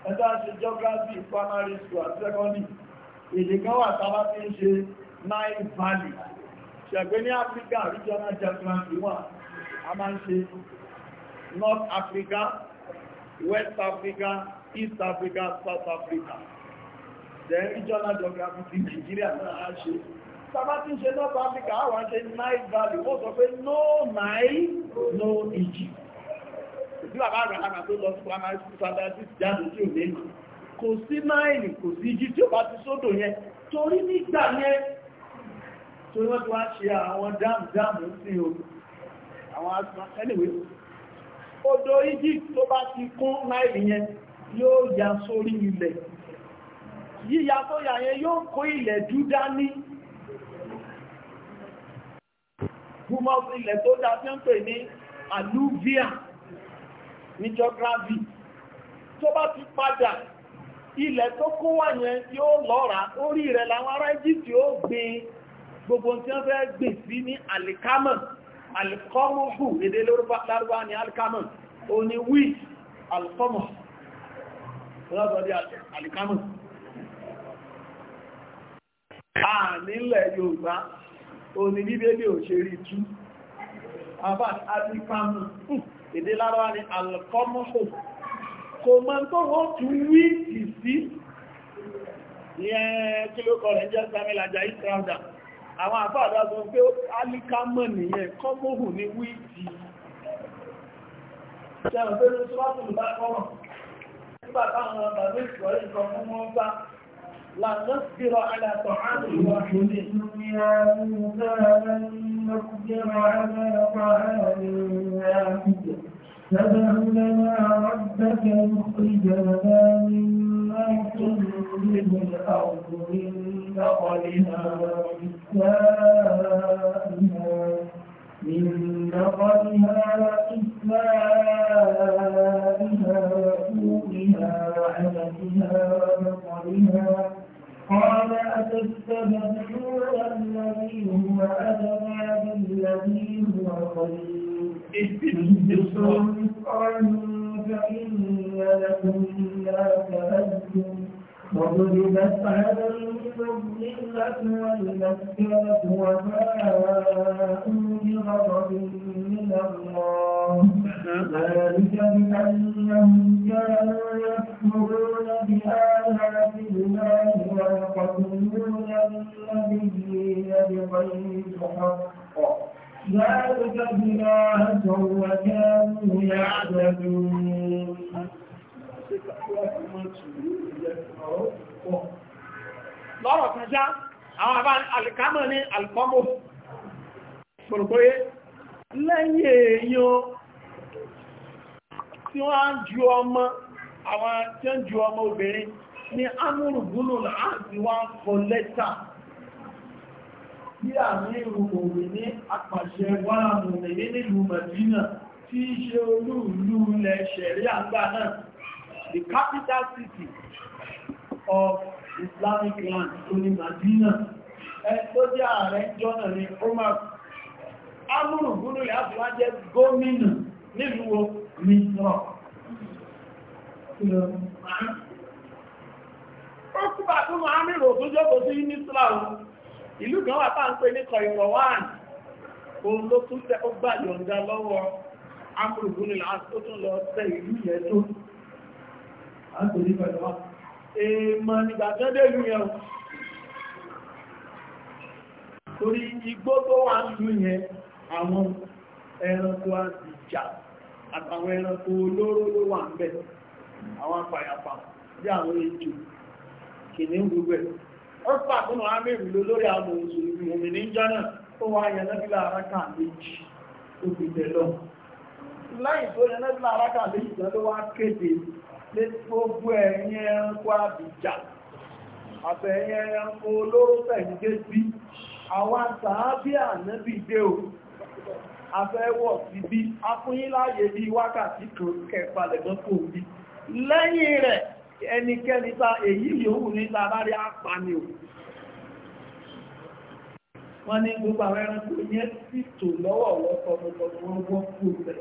ẹjọ́ ṣe geography primary school àti secondary èdè kan wà tábá tí ń ṣe nile valley ṣẹ̀gbẹ́ ní Africa regional judgment wà a máa ń ṣe North Africa West Africa East Africa South Africa then regional geography ti Nigeria náà á ṣe sábátí ṣe North Africa àwọn ṣe Nile Valley wọ́n sọ pé no Nile no Egypt ìdí bàbá àgbàlagbà tó lọ sí primary school saturdays jáde tí ò lè mọ̀ kò sí Nile kò sí Egypt tí ó bá ti sódò yẹn torí nígbà yẹn tó wọ́n ti wá ṣe àwọn dámdámù sí omi àwọn asma anyway odò Egypt tó bá ti kún náìlì yẹn yóò ya sórí ilẹ̀ yíya tó yà yẹn yóò kó ilẹ̀ dúdá ní gúnmọ́ ilẹ̀ tó dá tí ń pè ní alluvia ní geography tó bá ti padà ilẹ̀ tó kún wà yẹn yóò lọ́ra orí rẹ̀ làwọn ará Egypt yóò gbin gbogbo tí wọ́n fẹ́ gbìn sí ní alikamọ̀ alikọ́mọ̀kù èdè lárúbá ní alikamọ̀ o ni wí alikọ́mọ̀ alikamọ̀ ànílẹ̀ Yorùbá o ni bíbélì òṣèré tú àbá alikamọ̀ èdè lárúbá ní alikọ́mọ̀kù kò mọ́ tó wọ́n tún wí sí sí ìyẹn kí ló kọ̀ rẹ̀ jẹ́ Samuel Ajayi Crowder àwọn àfáàdá sọ pé alíkámọ̀ nìyẹn kọ́mọ̀hù ní wíìtì ṣẹ́rùn pé ní ṣọ́pùlù bá kọ́mọ̀ nígbà táwọn ọmọ bàbá ìṣòrí nǹkan fún wọn bá lànàṣírọ̀ alàtọ̀ àrùn ìwọ̀n tó ní تدع لنا ربك يخرج لنا مما تنبت الأرض من نقلها نسائها من نقلها وإسمائها وطولها وعدتها وبطلها قال أتستبدلون الذي هو أدنى بالذي هو خير اهبطوا لكم ما تبدلون وضربت على الأرض الأسوى المسكنة وباءوا بغضب من الله ذلك بأنهم كانوا يكفرون بآيات الله ويقتلون النبيين بغير حق ذلك بما عصوا وكانوا يعتدون ọ̀rọ̀ pọ̀ lọ́rọ̀ kan ṣá àwọn àbá alìkámọ̀ ní alìkọ́mọ̀ pòròpóyé lẹ́yìn èèyàn tí wọ́n ń ju ọmọ àwọn tí ó ń ju ọmọ obìnrin ni amúrùgbúnù láti wá kọ lẹ́tà bí àmì ìrùmòwè ní apàṣẹ wàrà mòmìnì nílùú Mẹ̀dínà tí í ṣe olú ìlú ilẹ̀ ṣẹ̀rí àgbà náà the capital city of Islamic land onye ní Madina a jẹ́ ààrẹ jọ́nà ní Umar amúrù gúnú ìyáfíwá jẹ́ gómìnà nílùú O ó kúbà tó sí ìlú kan wà ń pè ní Kọ̀ìrọ̀wán òun ló tún tẹ́ ó gbà yọ̀ǹda lọ́wọ́ amúrù gúnú èèmọ̀ nígbàtẹ́dẹ̀ ìlú yẹn torí igbó tó wà àwọn ẹranko àdìjà àtàwọn ẹranko olóró ló wà ń bẹ̀ àwọn apàyàpà bí àwọn ejò kìnnìún gbogbo ẹ̀ ọ́pàá fún àmìrì ló lórí àwọn gbogbo ẹ̀yìn ẹranko àbìjà àtẹ̀yìn ẹranko olóró tẹ̀yìnké sí àwọn àtàábí ànábì dé o afẹ́wọ̀ sí bí afúnyíláyè bí wákàtí kan kẹpàlẹ̀mọ́kò bí lẹ́yìn rẹ̀ ẹnikẹ́ni ta èyí yòówù ní tàbárí àpàmì o wọ́n ní gbogbo àwọn ẹranko yẹn sì tò lọ́wọ́ lọ́kọ̀ọ́kọ́ wọ́n wọ́n kú rẹ̀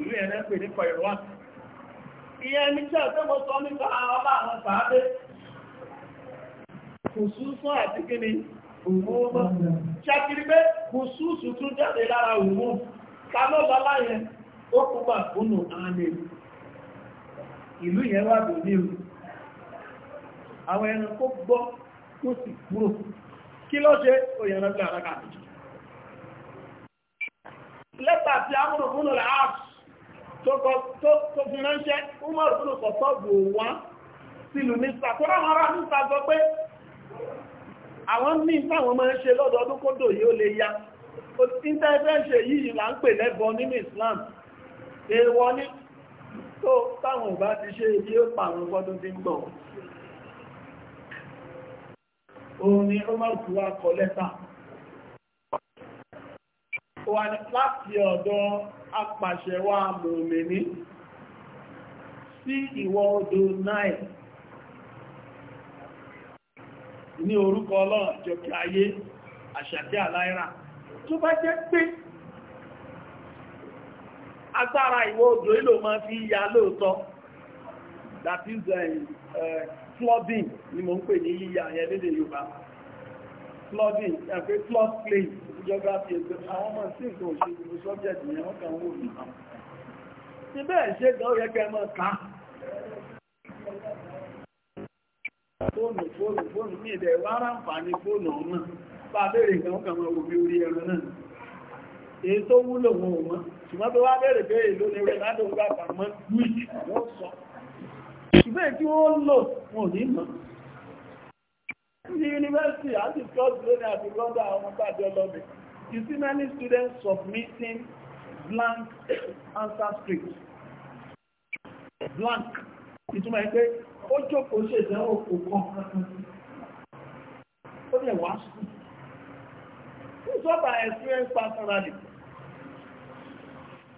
ìlú ẹ̀rẹ́ pè ní kọ̀ìrọ́àtì ìyẹn ní jẹ́ tó mọ́ sọ nípa ọba àwọn sàábé kùsùsùn àti kíni òmùmọ́ ṣàkiri pé kùsùsù tún jáde lára òmù ta ló bá láyẹn ó púpà fúnnù àmì ìlú yẹn wà bò ní o àwọn ẹranko gbọ́ tó sì kúrò kí ló ṣe òyìnbó àràkà lẹ́tà tí a múrò fúnnù rẹ̀ áàpù tó fi ránṣẹ́ Umar tó lò sọ́ọ̀bù wá sínú mísà tó ráwọn ará mísà sọ pé àwọn míì táwọn máa ń ṣe lọ́dọọdún kódò yìí ó lè ya ìtẹ́fẹ́ṣe yìí là ń pè lẹ́bọ nínú Islam èèwọ̀ ní tó táwọn ìbá ti ṣe ibi ó pààrùn gbọ́dún tí ń gbọ̀ òun ni Umar tó wá kọ lẹ́tà wà láti ọ̀dọ̀ apàṣẹwà mòmìnì sí ìwọ̀ odò Nile ní orúkọ ọlọ́run jọkí ayé àṣàkí aláìrà tó bá jẹ́ pé agbára odò máa fi ya lóòtọ́ that is uh, flooding ni mo ń pè ní yíya ayẹ́lédè Yorùbá flooding ẹ̀fẹ́ eh, flood geography ẹgbẹ́ àwọn ọmọ sí nǹkan òṣèlú gbogbo subject yẹn wọ́n kàn wò ní àwọn ti bẹ́ẹ̀ ṣe gan yẹ kẹ́ mọ́ ká fóònù fóònù fóònù ní ilẹ̀ wá ráǹfààní fóònù ọ̀nà bá bẹ̀rẹ̀ nǹkan kàn mọ́ òbí orí ẹran náà èyí tó wúlò ní yunifásitì a ti kọ́ lónìí the rọ́dà àwọn bàjọ́ lọ́bẹ̀ you see many students submitting blank answer script blank ìtumọ̀ ẹgbẹ́ ó jókòó ṣe ìdánwò kò kọ́ ó lè wá sùn it's what experience personally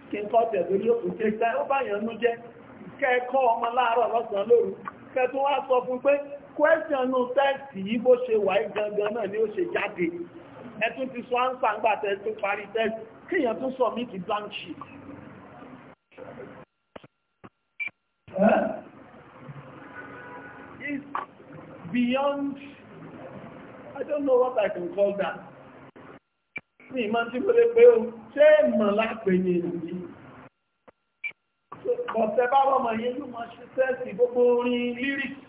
kí n kọ́ tẹ̀lé lókùn kí n tẹ́ ó bá yẹn nú jẹ́ kẹ́ẹ̀kọ́ ọmọ láàárọ̀ lọ́sàn-án lóru wá sọ fún pé question nù tẹ́ẹ̀sì yìí bó ṣe wà gangan náà ni ó ṣe jáde ẹ tún ti sọ ánsà ńgbà tẹ́ tó parí tẹ́ẹ̀sì kíyàn tún sọ mí ti blank sheet It's beyond, I don't know what I can call that. Ní ìmọ̀ tí mo lè pé o, ṣé mọ̀ lápẹ̀ ní èyí? Bọ̀tẹ̀ bá wọ́n yẹn yóò máa ṣe tẹ́ẹ̀sì gbogbo orin lyrics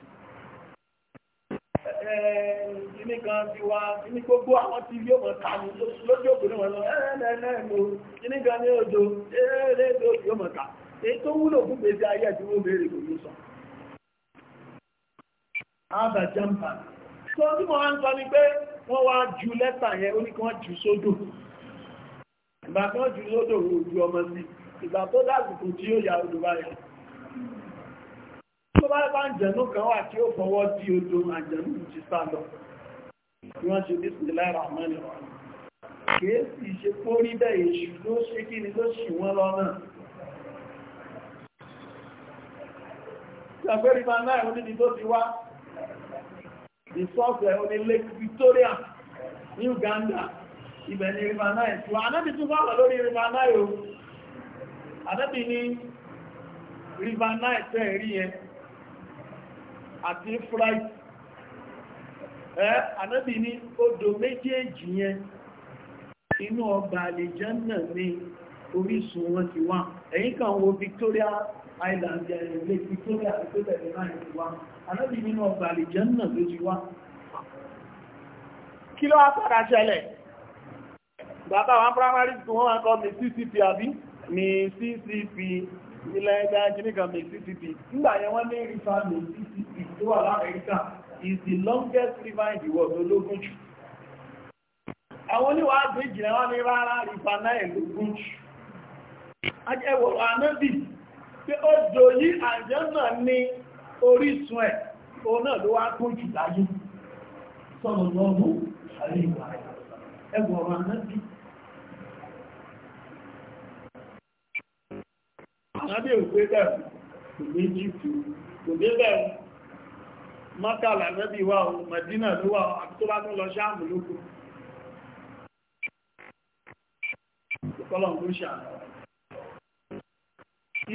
ìní kan ti wá ní gbogbo àwọn tí yóò mọ̀ ká ní lójú òkú lọ ìní kan ní òjò yóò mọ̀ ká èyí tó wúlò fún gbèsè ayé ẹ̀dínwó béèrè kò ní sọ. Abba So tí mo wá ń sọ ni pé wọ́n ju lẹ́tà yẹn ó ní kí wọ́n jù sódò. Ìgbà wọ́n jù sódò òjò ọmọ sí. Ìgbà tó tí yóò ya tó bá bá àjẹ̀nú kan wà tí ó fọwọ́ tí ó tó àjẹ̀nú ti sá lọ bí wọ́n ṣe bí sílẹ̀ ràmọ́nì kèésì ṣe pórí bẹ́ èṣù ló ṣe kí ni ló ṣì wọ́n lọ́nà ìgbàgbẹ́rì máa náà oníbi tó ti Victoria Uganda ibẹ̀ ni River Nile tí wọ́n anábì tún wà lórí tẹ́ rí yẹn àti fright ẹ́ ànábì ní odò méjèèjì yẹn inú ọgbà àlìjẹ́nà ní orísun wọn ti wá ẹ̀yìn kan wo Victoria Island ẹ̀rẹ̀lẹ́ Victoria tó tẹ̀lé náà ti wá ànábì nínú ọgbà àlìjẹ́nà ló ti wá kí ló wá padà ṣẹlẹ̀ bàbá wọn primary school wọn kọ́ Mississippi àbí Mississippi ilẹ̀ ẹgbẹ́ ajínigbà Mississippi nígbà yẹn wọ́n ní rífà Mississippi tó wà láàrínkà is the longest river in the world ológun jù àwọn oníwàádìí ìjìnlẹ̀ wọ́n ní rárá rípa náà lógún jù ẹwọ̀ ànábì pé ó dòyí àjẹ́nà ní orísun ẹ̀ o náà ló wá kún jù láyé sọ́nà lọ́wọ́ àríwá ẹwọ̀ ànábì ànábì ò gbé bẹ̀rù kò gbé jù kò gbé bẹ̀rù mọ́kàlá nẹ́bí wà ó mẹ̀dínà ló wà àti tó bá tún lọ ṣáàmù lókù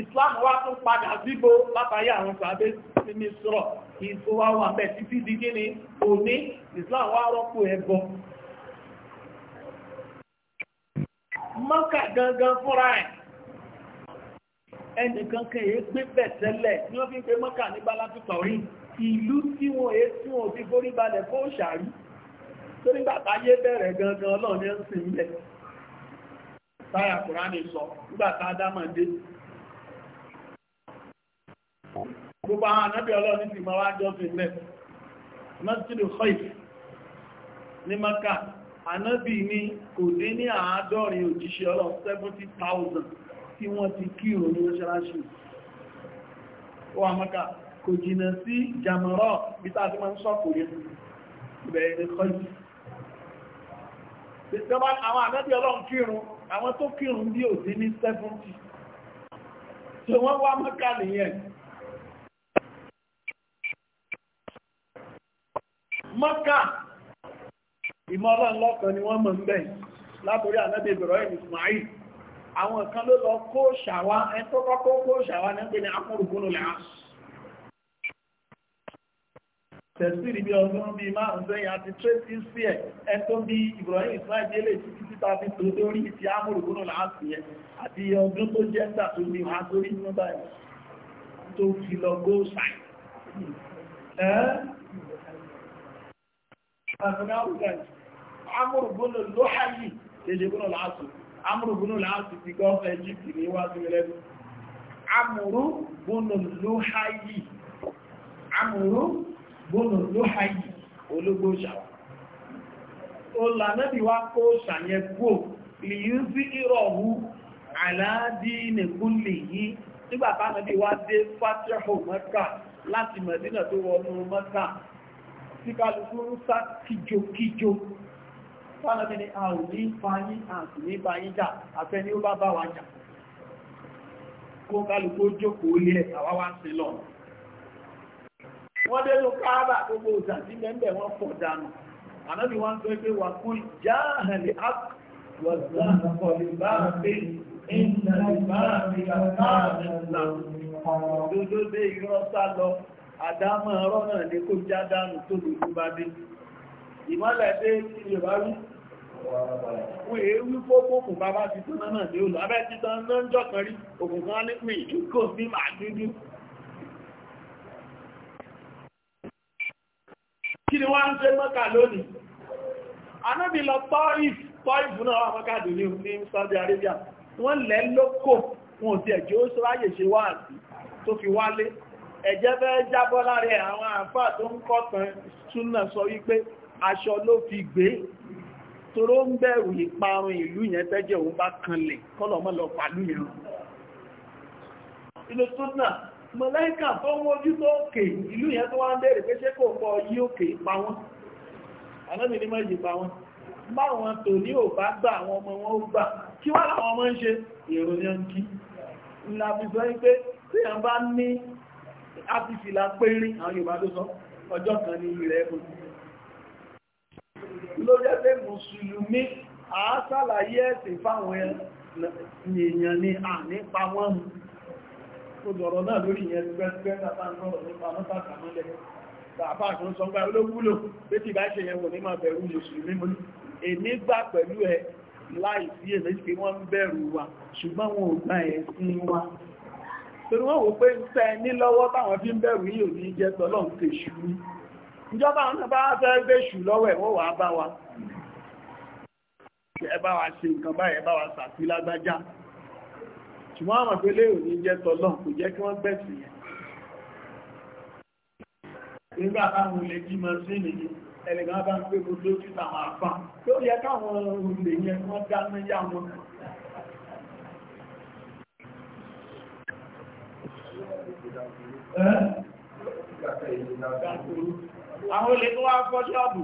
Islam wá tún padà síbò látàrí àwọn sàbẹ́ sí ní sọ́rọ̀ ìsọ wá wà bẹ̀ títí di kí ni òní Islam wá rọ́pò ẹbọ. Mọ́kà gangan fúnra ẹ̀ ẹnìkan kẹ́ gbé bẹ̀ tẹ́lẹ̀ ní wọ́n fi ń pe mọ́kà ní Bálátù Tàwí ìlú tí wọ́n èé tí wọ́n ti borí balẹ̀ fún òṣàrí tó nígbàtàyé bẹ̀rẹ̀ gangan ọlọ́run ní ẹ̀sìn ilẹ̀ táyà kùránì sọ nígbàtà adámọ̀dé gbogbo àwọn anábì ọlọ́run ti máa wá jọ́sìn ilẹ̀ mọ́sílù khaif ní maka anábì ní kò dé ní àádọ́rin òjíṣẹ́ ọlọ́run 70,000 tí wọ́n ti kírun ní mọ́ṣáláṣí ó wà maka kò jìnà sí jàmọ̀rọ̀ bí tá a ti máa ń sọ́kò yẹn ìbẹ̀rẹ̀ ní kọjú ìjọba àwọn ànábì ọlọ́run kírun àwọn tó kírun bí ò dín ní 70 tí wọ́n wá mọ́kà nìyẹn mọ́kà ìmọ̀ràn lọ́kàn ni wọ́n mọ̀ ń bẹ̀ látorí ànábì Ibrahim àwọn kan ló lọ kó ṣàwá ẹ tó kọ́kọ́ kó ṣàwá ní pé ní lẹ́hàn tẹ̀sírì bí ọdún bí máa ń sẹ́yìn àti tracy sear ẹ̀tọ́ bí Ibrahim Ismail délé títí títà fi tó lórí ti amúrùgbónà láti ẹ̀ àti ọdún tó jẹ́ ńgbà tó ní wá sórí inú báyìí tó fi lọ go sign amúrùgbónà ló hàyì tẹ́jẹ́ gbónà láti amúrùgbónà láti ti gọ́ọ̀fẹ́ Egypt ní bónú ló hàyí ológbò ṣàwà olànàbí wá kó ṣàyẹ kúò lìyí sí ìrọ̀hú àládìínì kúlì yìí nígbàtà nàbí wá dé fàtíhù mẹ́ta láti mẹ̀dínà tó wọnú mẹ́ta tí kálukú ń sá kíjokíjo fánàbí ni a ò ní fàyí àti ní fàyí wọ́n dé ló káàbà gbogbo òjà sí mẹ́mbẹ̀ wọ́n pọ̀ dànù ànábì wọ́n tó pé wà kú jáàlì áp wọ̀zá àkọlù bá pé ìnà ìbá mi àtàrí òdodo dé irọ́ sá lọ àdámọ́ ọ̀rọ̀ náà ní kó já dànù tó lè kú bá dé ìmọ́lẹ̀ dé kí lè bá rí wọ́n èéwú fókòkò bàbá ti tó náà ní olù abẹ́ títàn náà ń jọ kan rí òkùnkan nípìn ìkó sí màá dúdú kí ni wọ́n ń ṣe mọ́kà lónìí anábì lọ tọ́ìf tọ́ìf náà wà mọ́kà dùnú ní Saudi Arabia wọ́n lẹ́ lókò wọn ò tiẹ̀ jẹ́ ó ráyè ṣe wá àti tó fi wálé ẹ̀jẹ̀ fẹ́ jábọ́ lára àwọn àǹfà tó ń kọ́tàn mọ̀lẹ́kà tó ń wojú tó òkè ìlú yẹn tó wá ń bèèrè pé ṣé kò pọ̀ yí òkè pa wọ́n alábì ní mọ́jì pa wọ́n báwọn tò ní ò bá gbà àwọn ọmọ wọn ó gbà kí wá láwọn ọmọ ń ṣe èrò yẹn kí ìlàbìsọ yí pé tí yàn bá ní áfífìlà pérín àwọn Yorùbá tó sọ ọjọ́ kan ní ilẹ̀ ẹ̀kọ́ ló jẹ́ pé mùsùlùmí àásàlàyé ẹ̀sìn fáwọn èèyàn ni à nípa wọ́n olùrọ̀ náà lórí yẹn pẹ́pẹ́ tàbá ń sọ̀rọ̀ nípa mọ́ta kàmọ́lẹ̀ tàbá àtún sọ pé olówúlò pé tí bá ṣe yẹn wò ní máa bẹ̀rù mùsùlùmí mú èmi gbà pẹ̀lú ẹ láì sí èméjì pé wọ́n ń bẹ̀rù wa ṣùgbọ́n wọn ò gbà ẹ̀ sí wa torí wọ́n wò pé ń tẹ ní lọ́wọ́ táwọn fi ń bẹ̀rù yìí ò ní jẹ́ tọ́lọ́ ń tè ṣù ní ìjọba àwọn bá fẹ́ gbé ṣùgbọ́n àwọn àgbélé ò ní jẹ́ tọ́lọ́n kò jẹ́ kí wọ́n gbẹ̀sì yẹn nígbà táwọn olè jí mọ sí nìyí ẹlẹ́gbọ́n bá ń pé gbogbo títà àwọn àfá tó yẹ káwọn olè yẹn wọ́n dáná yá wọn àwọn olè tó wá fọ́ ṣọ́ọ̀bù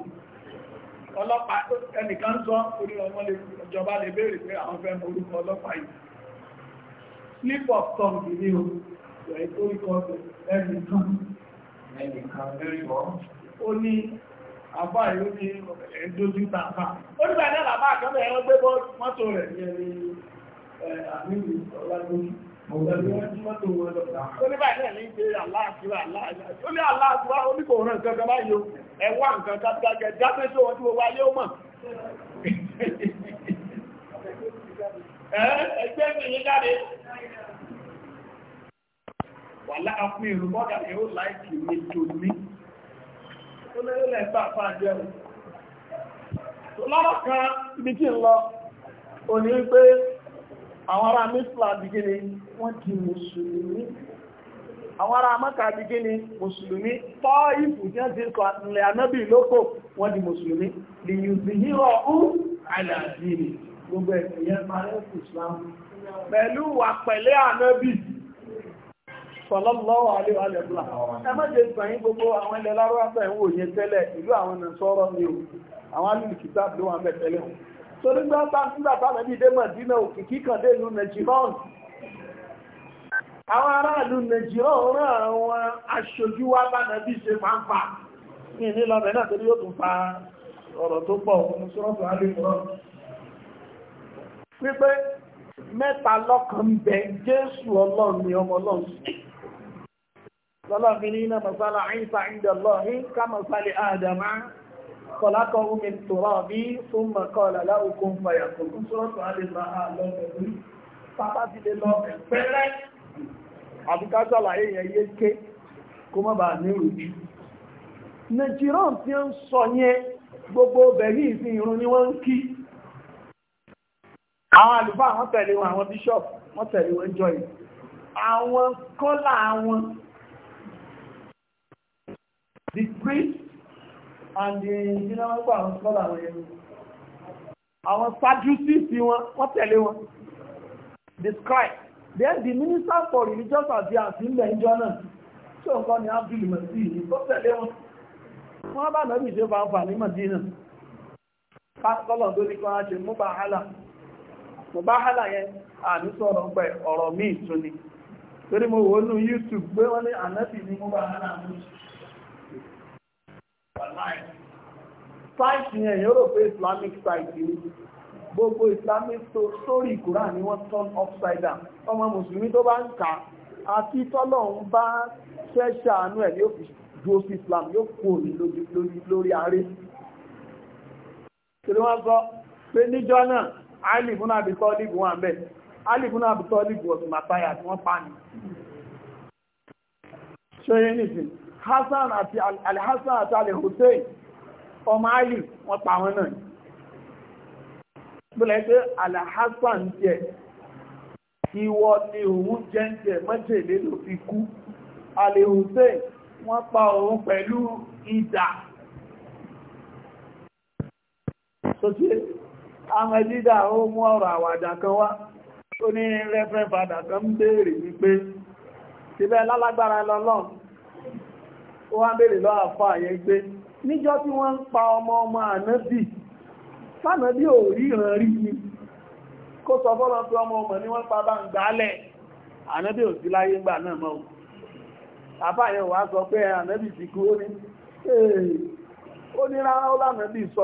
ọlọ́pàá ẹnìkan sọ orí ọmọ ìjọba lè béèrè pé àwọn fẹ́ mọ orúkọ ọlọ́pàá yìí flip of tongue ni o ìwà tó ikọ̀ ẹnìkan ẹnìkan ẹnìkan ó ní àbá ìlú ní ẹ̀ẹ́dójú tàbá ó nígbà náà làbá àkọ́bẹ̀ ẹ̀rọ gbé bọ́ mọ́tò rẹ̀ ní ẹni àmìlì ọlágbójú ọ̀gbẹ̀rẹ̀ wọ́n jí mọ́tò wọn lọ ó nígbà náà ní ṣe aláàkúrà aláàkúrà ó ní aláàkúrà ó ní kò rán nǹkan kan báyìí ẹwà nǹkan kan dákẹ́ dákẹ́ tó wọn tí mo wáyé ó mọ̀ ẹgbẹ́ ebe jáde wà ni ó láìkì ní tòní ó lẹ́yìn lẹ́gbà fàájẹ́ lọ́rọ̀ kan ibi tí ń lọ ò ní pé àwọn ará mísìlá wọ́n di mùsùlùmí àwọn ará mọ́ta dìgínì mùsùlùmí tọ́ ìfù tí ti sọ ilẹ̀ anábì lókò wọ́n di mùsùlùmí lè yùzì gbogbo ẹ̀yẹn parẹ́ fún Islam pẹ̀lú wà pẹ̀lẹ́ ànábì sọlọ́lọ́wọ́ aléwàlẹ́bùlà ẹ má jẹ́ ìgbàyín gbogbo àwọn ilẹ̀ lárúwápẹ̀ ń wòye tẹ́lẹ̀ ìlú àwọn ọ̀nà sọ́rọ̀ ni o àwọn alìkìtà ló wà mẹ́ tẹ́lẹ̀ so nígbà tá nígbà tá lẹ́bí dé Mẹdínà òkìkí kan dé ìlú Nàìjíríàn àwọn aráàlú Nàìjíríàn rán àwọn aṣojú wa bá nàbí ṣe máa ń fa ní ìlú ọbẹ̀ náà torí yóò tún fa ọ̀rọ̀ tó pọ̀ ọ̀rọ̀ wípé mẹ́ta lọ́kan ń bẹ jésù ọlọ́run ni ọmọ ọlọ́run sí lọ́lọ́fi ní iná masala àìsà ìdọ̀lọ́hí kámasálẹ̀ àdàmá kọlákọ̀ omi tòrọ̀ bí fún mọ̀kọ́lá láwùkún fàyàkùn sọ́ọ̀tọ̀ àdìmá àlọ́bẹ̀rún pápá ti lè lọ ẹ̀fẹ́rẹ́ àbíká sàlàyé àwọn àlùfáà wọ́n tẹ̀lé wọn àwọn bishop wọ́n tẹ̀lé wọn jọ yìí àwọn kọ́là wọn the priest and the general gba àwọn kọ́là wọn yẹn àwọn sadducee sí wọn wọ́n tẹ̀lé wọn the scribe then the minister for religious affairs ilẹ̀ ìjọ náà tí òǹkọ́ ni abdul masi yìí tó tẹ̀lé wọn wọ́n bá nàbì ṣe fanfà ní madina kọ́lọ̀ tó ní kọ́ á ṣe mú bàhálà mọ̀báhálà yẹn àníṣọ́rọ̀ pẹ̀ ọ̀rọ̀ míì tó ní torí mo wò ní YouTube pé wọ́n ní ànẹ́bì ní mọ̀báhálà mú sáìtì yẹn yóò rò Islamic sáìtì ní gbogbo Islamic story kúrà ní wọ́n turn upside down ọmọ mùsùlùmí tó bá ń kà àti tọ́lọ̀ ń bá ṣẹ́ṣà àánú ẹ̀ ní òfin dúró sí Islam yóò kú òní lórí aré. Kìlú wọn sọ pé níjọ́ náà Ali ibn Abi Talib wà ń bẹ̀ Ali ibn Abi Talib was mataya tí wọ́n pàánì ṣẹ́yẹ́ nìsìn Hassan àti Al-Hassan àti Al-Hussein ọmọ Ali wọ́n pa wọn náà gbọ́lẹ̀ pé Al-Hassan jẹ́ ìwọ ni òun jẹ́ ń jẹ mọ́jèlé ló fi kú Al-Hussein wọ́n pa òun pẹ̀lú ìdà amẹ́jídà ó mú ọ̀rọ̀ àwàdà kan wá tó ní kan ń béèrè wípé síbẹ̀ lálágbára lọ́lọ́n ó wá bèèrè lọ́wọ́ àfọ́ àyẹ́ pé níjọ́ tí wọ́n ń pa ọmọ ọmọ ànábì fánàbí ò rí ìran rí ni kó sọ fọ́lọ́ ó ní sọ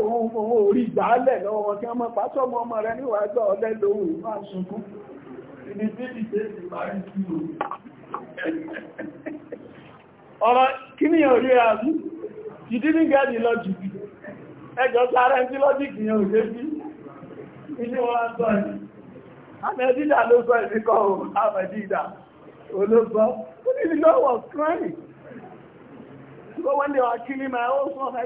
ohun orí ìgbàálẹ̀ lọ́wọ́ wọn kí wọ́n mọ́ pàtọ́mọ ọmọ rẹ níwà ẹgbẹ́ ọdẹ lóhun ìmá sunkún ibi tí ìdíje ìbárí sí ọ̀rọ̀ kí ní orí àbí ìdí ní gẹ́ẹ̀dì lọ́jìkì ẹjọ́ sáré tí lọ́jìkì yẹn ò bí inú wọn sọ ẹ̀ ló sọ ó ní wọ́n lè wà kí ní máa ó sọ ọ̀fẹ́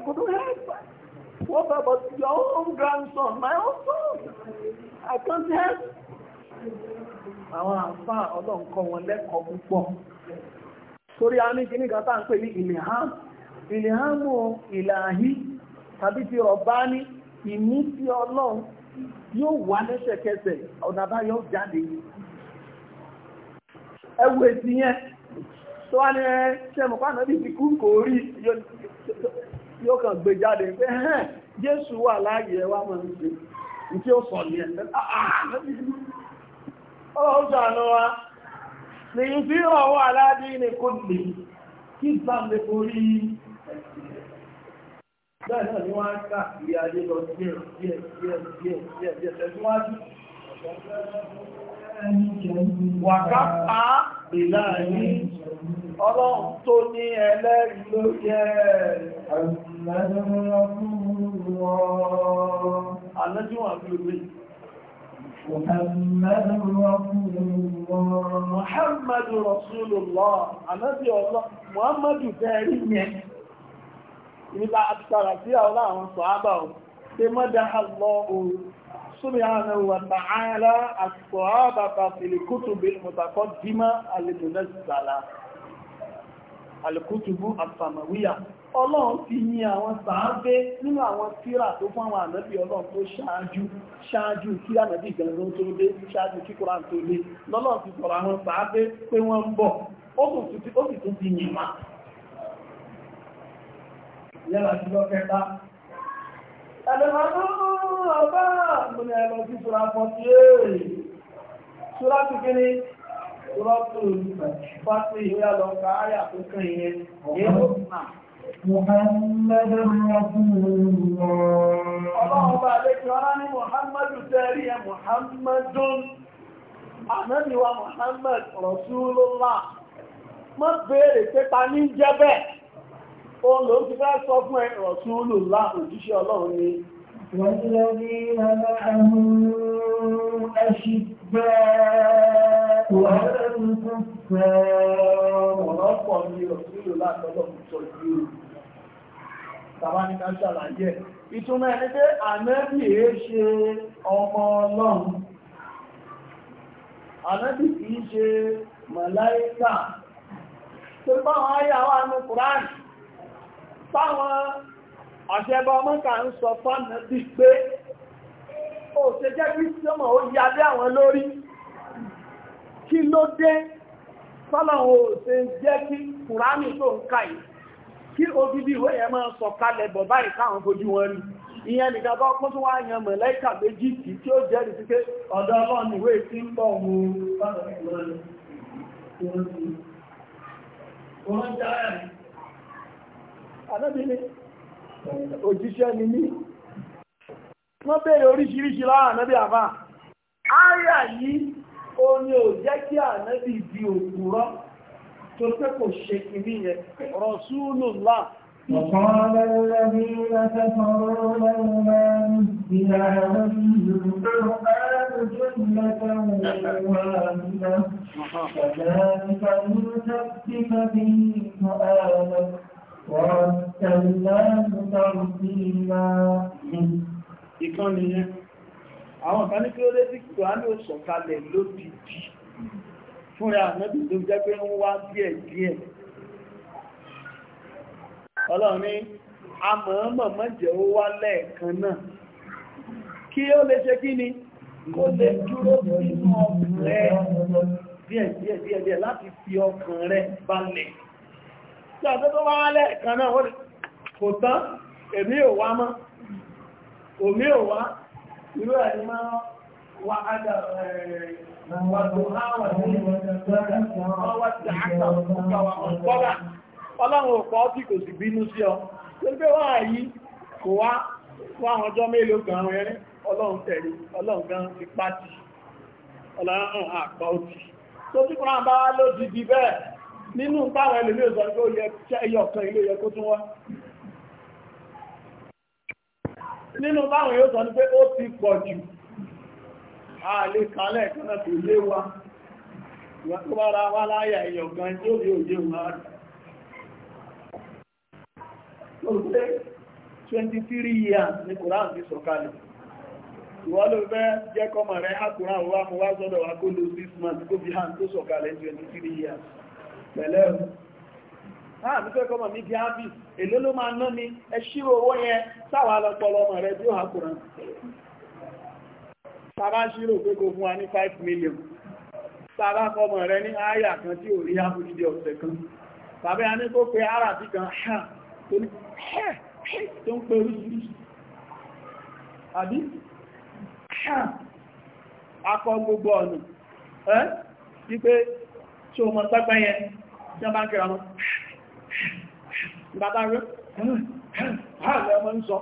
What about your own grandson, my own son? I can't help. Àwọn àǹfààní ọlọ́run wọn lẹ́kọ̀ọ́ púpọ̀. Torí a ní kíní kan ń pè ní tàbí ti ní ìmú sí wà lẹ́sẹ̀kẹsẹ̀ ọ̀nà àbáyọ jáde. Ẹwù èsì yẹn tó wá ní Jésù wà láàyè ẹwà máa ń ṣe tí ó sọ ní ẹ̀sẹ̀ ọlọ́ọ̀sọ̀ ah, ah, ah, àná wa lè yí sí ọwọ́ aládé ní kò lè kí ìsànlẹ̀ orí bẹ́ẹ̀ náà ni wọ́n á kà ìrìn ayé lọ díẹ̀ díẹ̀ díẹ̀ díẹ̀ díẹ̀ díẹ̀ tẹ̀síwájú wà ká pa ọlọ́run tó ní ẹlẹ́rìí ló yẹ àlẹ́jùwọ̀n bí orí Muhammadu Rasulullah, ànábì ọlọ́, Muhammadu bẹ̀rí yẹn, ìrìnlá àti tààrà sí àwọn àwọn sọ̀hábà ọ̀, pé mọ́dá àlọ́ òru. سبحانه وتعالى الصحابة في الكتب المتقدمة المنزلة alìkútùbù àfàmàwíyà ọlọ́run fi yin àwọn sàábé nínú àwọn tírà tó fún àwọn ànábì ọlọ́run tó ṣáájú ṣáájú kí ànábì ìgbẹ̀rún tó dé ṣáájú kí Kùránì tó dé lọ́lọ́run ti sọ̀rọ̀ àwọn sàábé pé wọ́n ń bọ̀ ó sì tún ti yìn má yẹ́ra sí lọ́kẹta ẹ̀lẹ́mọ̀tún ọ̀bá Rọ́pùn fásitì ìwé àlọ́kà áyà tó Muhammadu Rasulullah. Ọlọ́run bá lè kí ọlá ní Muhammadu tẹ́rí ẹ Muhammadu. Ànábìwa Muhammad Rasulullah. Mọ́ bèèrè pé ní jẹ́bẹ̀. ti fẹ́ sọ fún ẹ Rasulullah òjíṣẹ́ Ọlọ́run ni. Wọ́n الدفاع وعلى الكفار ونقل رسول الله صلى الله عليه وسلم tàbí ká ṣàlàyé ìtumọ̀ ẹni pé ànábì èé ṣe ọmọ ọlọ́run ànábì kìí ṣe màláíkà tó báwọn ayé àwọn àmì kùránì táwọn àṣẹbọ mọ́kà ń sọ fánàbí pé ó ṣe jẹ́ kírísítọ́mọ̀ ó yí abẹ́ àwọn lórí kí ló dé fọ́lọ́wọ́ ò ṣe jẹ́ kí kùránì tó ń ka yìí kí odidi ìwé yẹn máa sọ kalẹ̀ bọ̀ báyìí káwọn fojú wọn rí ìyẹn nìkan bá pọ́n tó wá yan mọ̀lẹ́kà méjì tí ó jẹ́rìí Òjíṣẹ́ ni mí, wọ́n bèèrè oríṣiríṣi láwọn ànábì àfà áyà yìí ó ní ò jẹ́ kí ànábì di òkúrọ́ tó pé kò ṣe kìíní yẹn Rasulullah وقال الذين كفروا لولا نزل عليه القرآن جملة واحدة كذلك لنثبت به فؤادك ورتلناه ترتيلا ìkan nìyẹn àwọn kan ní kí ó dé sí kùránì ò sọ̀kalẹ̀ lódìdí fúnra àmọ́bí tó jẹ́ pé ń wá díẹ̀ díẹ̀ a ní amọ̀ọ́mọ̀ mọ́jẹ̀ ó wá lẹ́ẹ̀kan náà kí ó lè ṣe kí ni kó lè dúró nínú ọkàn rẹ̀ díẹ̀ díẹ̀ díẹ̀ díẹ̀ láti fi ọkàn rẹ̀ balẹ̀ tí àtọ́ tó wá lẹ́ẹ̀kan omi ò wá irú ẹ̀ ni máa wá ádà wà tó háwà ní wọ́n wá ti àkà ọ̀pọ̀ wà ọ̀pọ̀lá ọlọ́run òpó tí kò sì bínú sí ọ tó ń pé wá yí kò wá fún ọjọ́ mélòó gan rẹ̀rẹ́ ọlọ́run tẹ̀lé ọlọ́run gan ti pàtì ọlọ́run àpá òtì tó tí kúrò bá lójì di bẹ́ẹ̀ nínú táwọn ẹlòmí òsàn tó yẹ ẹyọ kan ilé yẹ kó nínú báwọn yóò sọ ní pé ó ti pọ̀ jù ààlè kalẹ̀ kanáà tó wa ìwà wá láyà èèyàn gan tí ó 23 years ní ha ti sọ̀kalẹ̀ ìwọ́n ló fẹ́ jẹ́ kọmọ̀ rẹ̀ ha Quran wá wá sọ́dọ̀ kó 6 months 23 years àmì ah, fẹ́ kọ́mọ̀ ní bí ábì èlé ló máa ná ní ẹṣírò owó yẹn sáwà lọ́pọ̀lọ́ ọmọ rẹ̀ bí ó hà kùrán sábà ṣírò pé kò fún wa ní 5 million sábà kọmọ rẹ̀ ní àyà kan tí ò rí ábùdídé ọ̀sẹ̀ kan tàbí a ní kó pe ara bí kan tó ń pe oríṣiríṣi àbí akọ gbogbo ọ̀nà ẹ́ o mọ̀ sọ́gbẹ́ yẹn tí bá ń kẹra mọ́ bàbá rẹ̀ ààrẹ ọmọ ń sọ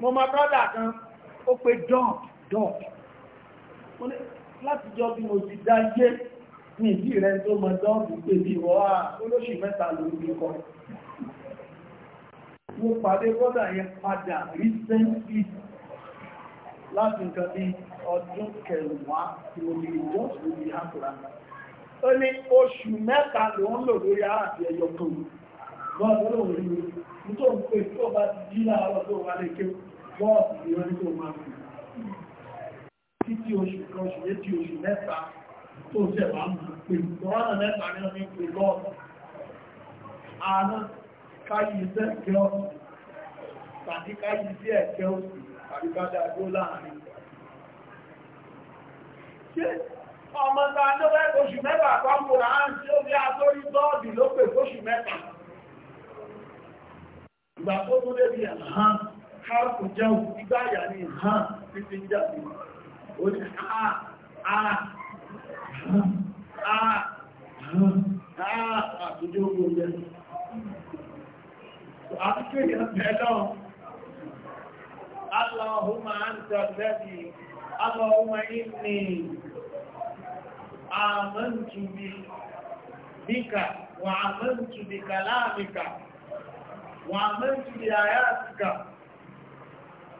mo mọ brọ́dà kan ó pe dọ́ọ̀p dọ́ọ̀p mo ní láti jọ bí mo ti dá yé ní ìdí rẹ̀ tó mọ dọ́ọ̀p pé bí wọ́n á olóṣù mẹ́ta ló ń kọ́ mo pàdé brọ́dà yẹn padà recently láti nǹkan bí ọdún kẹwàá tí mo lè jọ́ ó ní oṣù mẹ́ta ló ń lò lórí àti ẹyọ kan bọ́ọ̀dọ́ lòun rí ní tó ń pè tó bá ti jí láàárọ̀ tó wà lè ké bọ́ọ̀dù ìran tó máa fi títí oṣù kan oṣù méjì oṣù mẹ́ta tó jẹ́ bá mú pé ìgbọ́nà mẹ́ta ní ọdún ọmọ ta ló fẹ́ oṣù mẹ́fà kan kò rà án tí ó fi àtórí bọ́ọ̀dì ló pè oṣù mẹ́fà ìgbà tó tún lé bí ẹ̀hán káàkù jẹun ìgbà àyà ní ẹ̀hán títí jáde ó ní àà àà àà àà àtúnjẹ́ jẹ́ àtúnjẹ́ ìrìnàpẹ̀lọ́ اللهم أنت الذي آمنت بك وآمنت بكلامك وآمنت بآياتك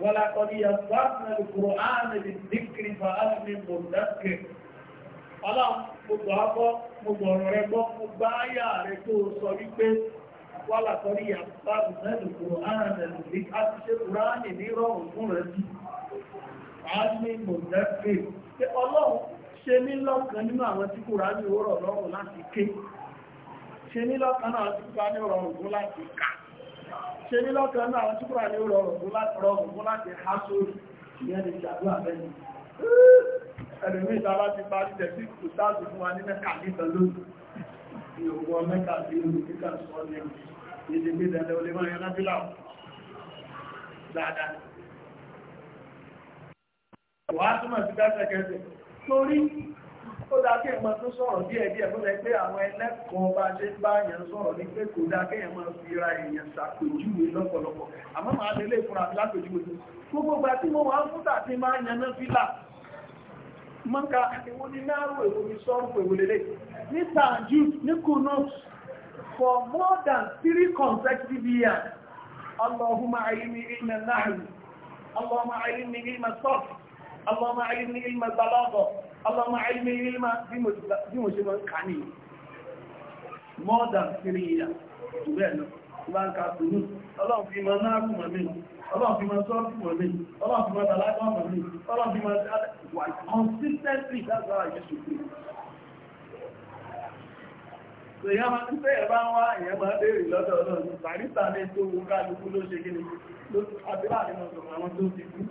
ولقد يسرنا القرآن للذكر فهل من مدكر ọlọ́run gbogbo ọgbọ́ gbogbo ọ̀rọ̀ rẹ gbọ́ gbogbo ayà rẹ tó sọ wípé wà látọ́rí àpapọ̀ mẹ́lùkù ààrẹ̀lù ní àtúnṣe kùránì ní rọrùn fún rẹ̀ sí ààrẹ ṣe ní lọ́kàn nínú àwọn tí Kùránì rọ̀ lọ́rùn láti ké ṣe ní lọ́kàn náà tí Kùránì rọrùn fún láti kà ṣe ní lọ́kàn náà tí Kùránì rọrùn fún láti há sórí ìyẹn lè ṣàdó àbẹ́ni ẹ̀rẹ̀mí ìtàlá ti parí tẹ̀ sí ìtàzù fún wa ní mẹ́kà níta lórí ìwọ̀n mẹ́kà sí olùkíkà sọ ní ìdígbé dẹ̀dẹ̀ olè máa yẹn lábílà dáadáa wà á túnmọ̀ sí dáṣẹ́kẹ́sẹ̀ torí ó dáké ẹmọ tó sọ̀rọ̀ díẹ̀ díẹ̀ tó lẹ pé àwọn ẹlẹ́kọ̀ọ́ bá ṣe bá yẹn sọ̀rọ̀ ní pé kò dáké ẹmọ fi ra èèyàn ṣàpèjúwe lọ́pọ̀lọpọ̀ àmọ́ màá lélẹ̀ fúnra mi lápèjúwe gbogbo ìgbà tí mo wá ń fún tàbí máa yan náà fílà mọ́ka èwo ni náírà èwo ni sọ́rùn èwo lélẹ̀ ní tàjú ní kùnú for more than three consecutive years Allahumma ayini ilẹ̀ náà Allahumma ayini ilẹ̀ sọ́ọ̀tù اللهم علمني علم البلاغة اللهم علمني علم bí mo ṣe mọ́ ká ní more than three years tó bẹ́ẹ̀ lọ láǹkà tó ní ọlọ́run fi mọ́ náà kùmọ̀ mí ọlọ́run fi mọ́ sọ́ọ̀kù mọ̀ mí ọlọ́run fi mọ́ tàlágbọ́n máa ń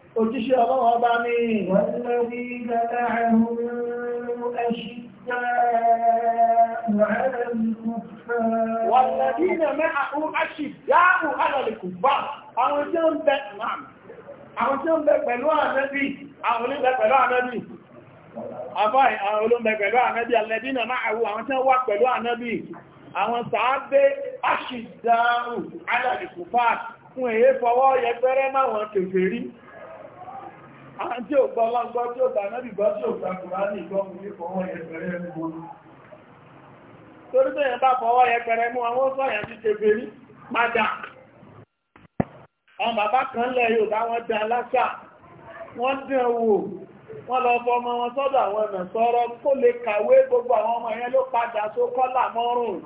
òjíṣẹ́ ọlọ́wọ́ bá ní wọ́n lórí gbẹ́gbẹ́ àrùn ẹ̀ṣìṣẹ́ wọ́n lórí gbẹ́gbẹ́ àrùn ẹ̀ṣìṣẹ́ àwọn tí ó ń bẹ àwọn tí ó ń bẹ pẹ̀lú àmẹ́bí àwọn olóńgbẹ pẹ̀lú àmẹ́bí àbáyé àwọn olóńgbẹ pẹ̀lú àmẹ́bí alẹ́dínà máa àwọ àwọn tí ó wà pẹ̀lú àmẹ́bí àwọn sàábé àṣìdáàrù alàdìkùfà fún èyí fọwọ́ yẹgbẹ́rẹ́ máwọn kèfèrí àwọn tí ò gbọ́ lọ́gbọ́ tí ó gbà náà bìbọ́ tí ò gbà kùránì ìgbọ́mù ní fọwọ́ yẹpẹrẹ mú torí bẹ́ẹ̀ bá fọwọ́ yẹpẹrẹ mú àwọn sọ̀yàn ti ṣe bèrí padà àwọn bàbá kan lẹ̀ yóò bá wọn dá aláṣà wọ́n dán wò wọ́n lọ fọ ọmọ wọn sọ́dọ̀ àwọn ọ̀nà sọ̀rọ̀ kó lè kàwé gbogbo àwọn ọmọ yẹn ló padà só kọ́là mọ́rùn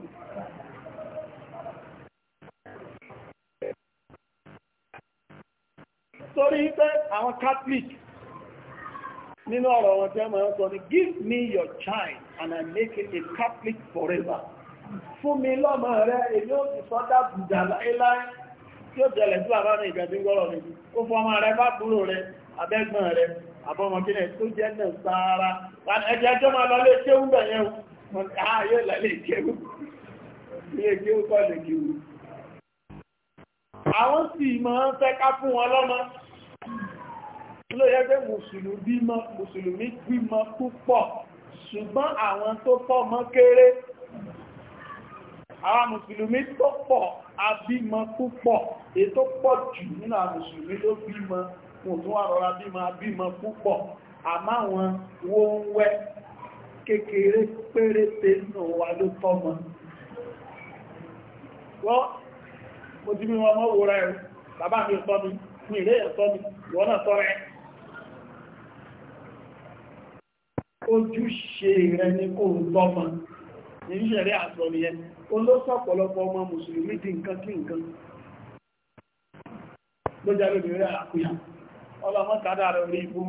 torí pé àwọn Catholic nínú ọ̀rọ̀ wọn tí a máa ni give me your child and I make it a Catholic forever fún mi lọ́mọ rẹ èmi ò sì sọ́dá bùdà láéláé tí ó jẹlẹ̀ sí bàbá mi ìgbẹ̀bí gbọ́rọ̀ ó fọ ọmọ rẹ bá búrò rẹ abẹ́gbọ̀n rẹ àbọ́mọkílẹ̀ ló yẹ pé mùsùlùmí bímọ púpọ̀ ṣùgbọ́n àwọn tó fọ́mọ kéré àwọn mùsùlùmí tó pọ̀ abímọ púpọ̀ èyí tó pọ̀ jù nínú àwọn mùsùlùmí ló bímọ wọn tó wà rọra bímọ abímọ púpọ̀ àmọ́ àwọn wo ń wẹ́ kékeré péréte nínú wa ló tọ́mọ wọ́n mo ti bí wọn mọ́ wòrán ẹ̀rù bàbá mi ò tọ́ mi mi ìrẹ́ ẹ̀ tọ́ mi ìwọ náà tọ́ rẹ̀ ojúṣe rẹ ní kò lọ́mọ ní ṣẹ̀rẹ́ àsọ̀nìyàn olóṣọ̀pọ̀lọpọ̀ ọmọ mùsùlùmí di nǹkan kí nǹkan ló jáde obìnrin àkúyà ọlọ́mọ kádà rẹ̀ orí ibú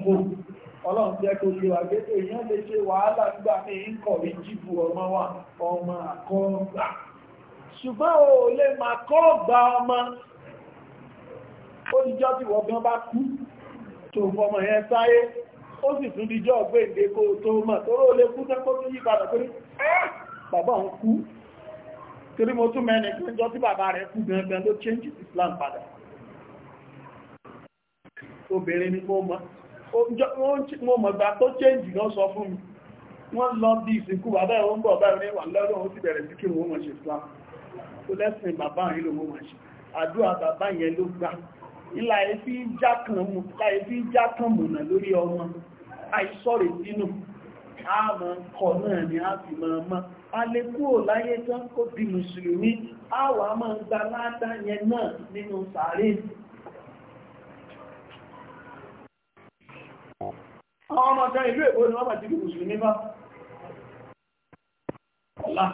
mọ́ fún wa ọlọ́run jẹ́ kó lè wà gẹ́gẹ́ èèyàn lè ṣe wàhálà nígbà ní ìkọ̀wé jíbu ọmọ wa ọmọ àkọ́ọ̀gbà ṣùgbọ́n o lè máa kọ́ọ̀gbà ọmọ ó díjọ́ tí wọ́n gan bá kú tó fọmọ yẹn sáyé ó sì tún díjọ́ ọgbẹ́ǹde kó tó mọ̀ tóró lè kú tán kó tún yí padà pé ah, bàbá òun kú torí mo tún mẹ́rin pé jọ tí bàbá rẹ̀ kú gangan ló change Islam padà obìnrin ni kó mọ̀ mo mọ̀gbà tó change lọ sọ fún mi wọ́n lọ bí ìsìnkú bàbá ẹ̀ ń bọ̀ bá ní wà lọ́dọ̀ ó ti bẹ̀rẹ̀ sí kí wọ́n mọ̀ ṣe Islam tó lẹ́sìn bàbá yìí ló mọ̀ ṣe àdúrà bàbá yẹn ló gbà ilà fi jákàn mùnà lórí ọmọ àìsọ̀rẹ̀ sínú àmọ́ kọ̀ náà ni a fi máa mọ́ a lè kúrò láyé di mùsùlùmí àwa máa gba ládá yẹn náà nínú àwọn ọmọ kan ìlú èkó ni wọ́n bá ti di mùsùlùmí bá ọ̀lá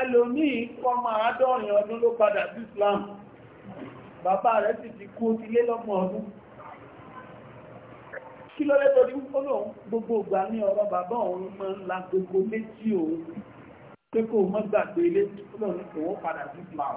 ẹlòmíì ọmọ àádọ́rin ọdún ló padà sí Islam bàbá rẹ̀ sì ti kú ti lé lọ́gbọ̀n ọdún kí ló lẹ́tọ́ ní olóhun gbogbo ìgbà ní ọ̀rọ̀ bàbá òun mọ́ ńlá gbogbo méjì òun pé kò mọ́ gbàgbé ilé olóhun òun padà sí Islam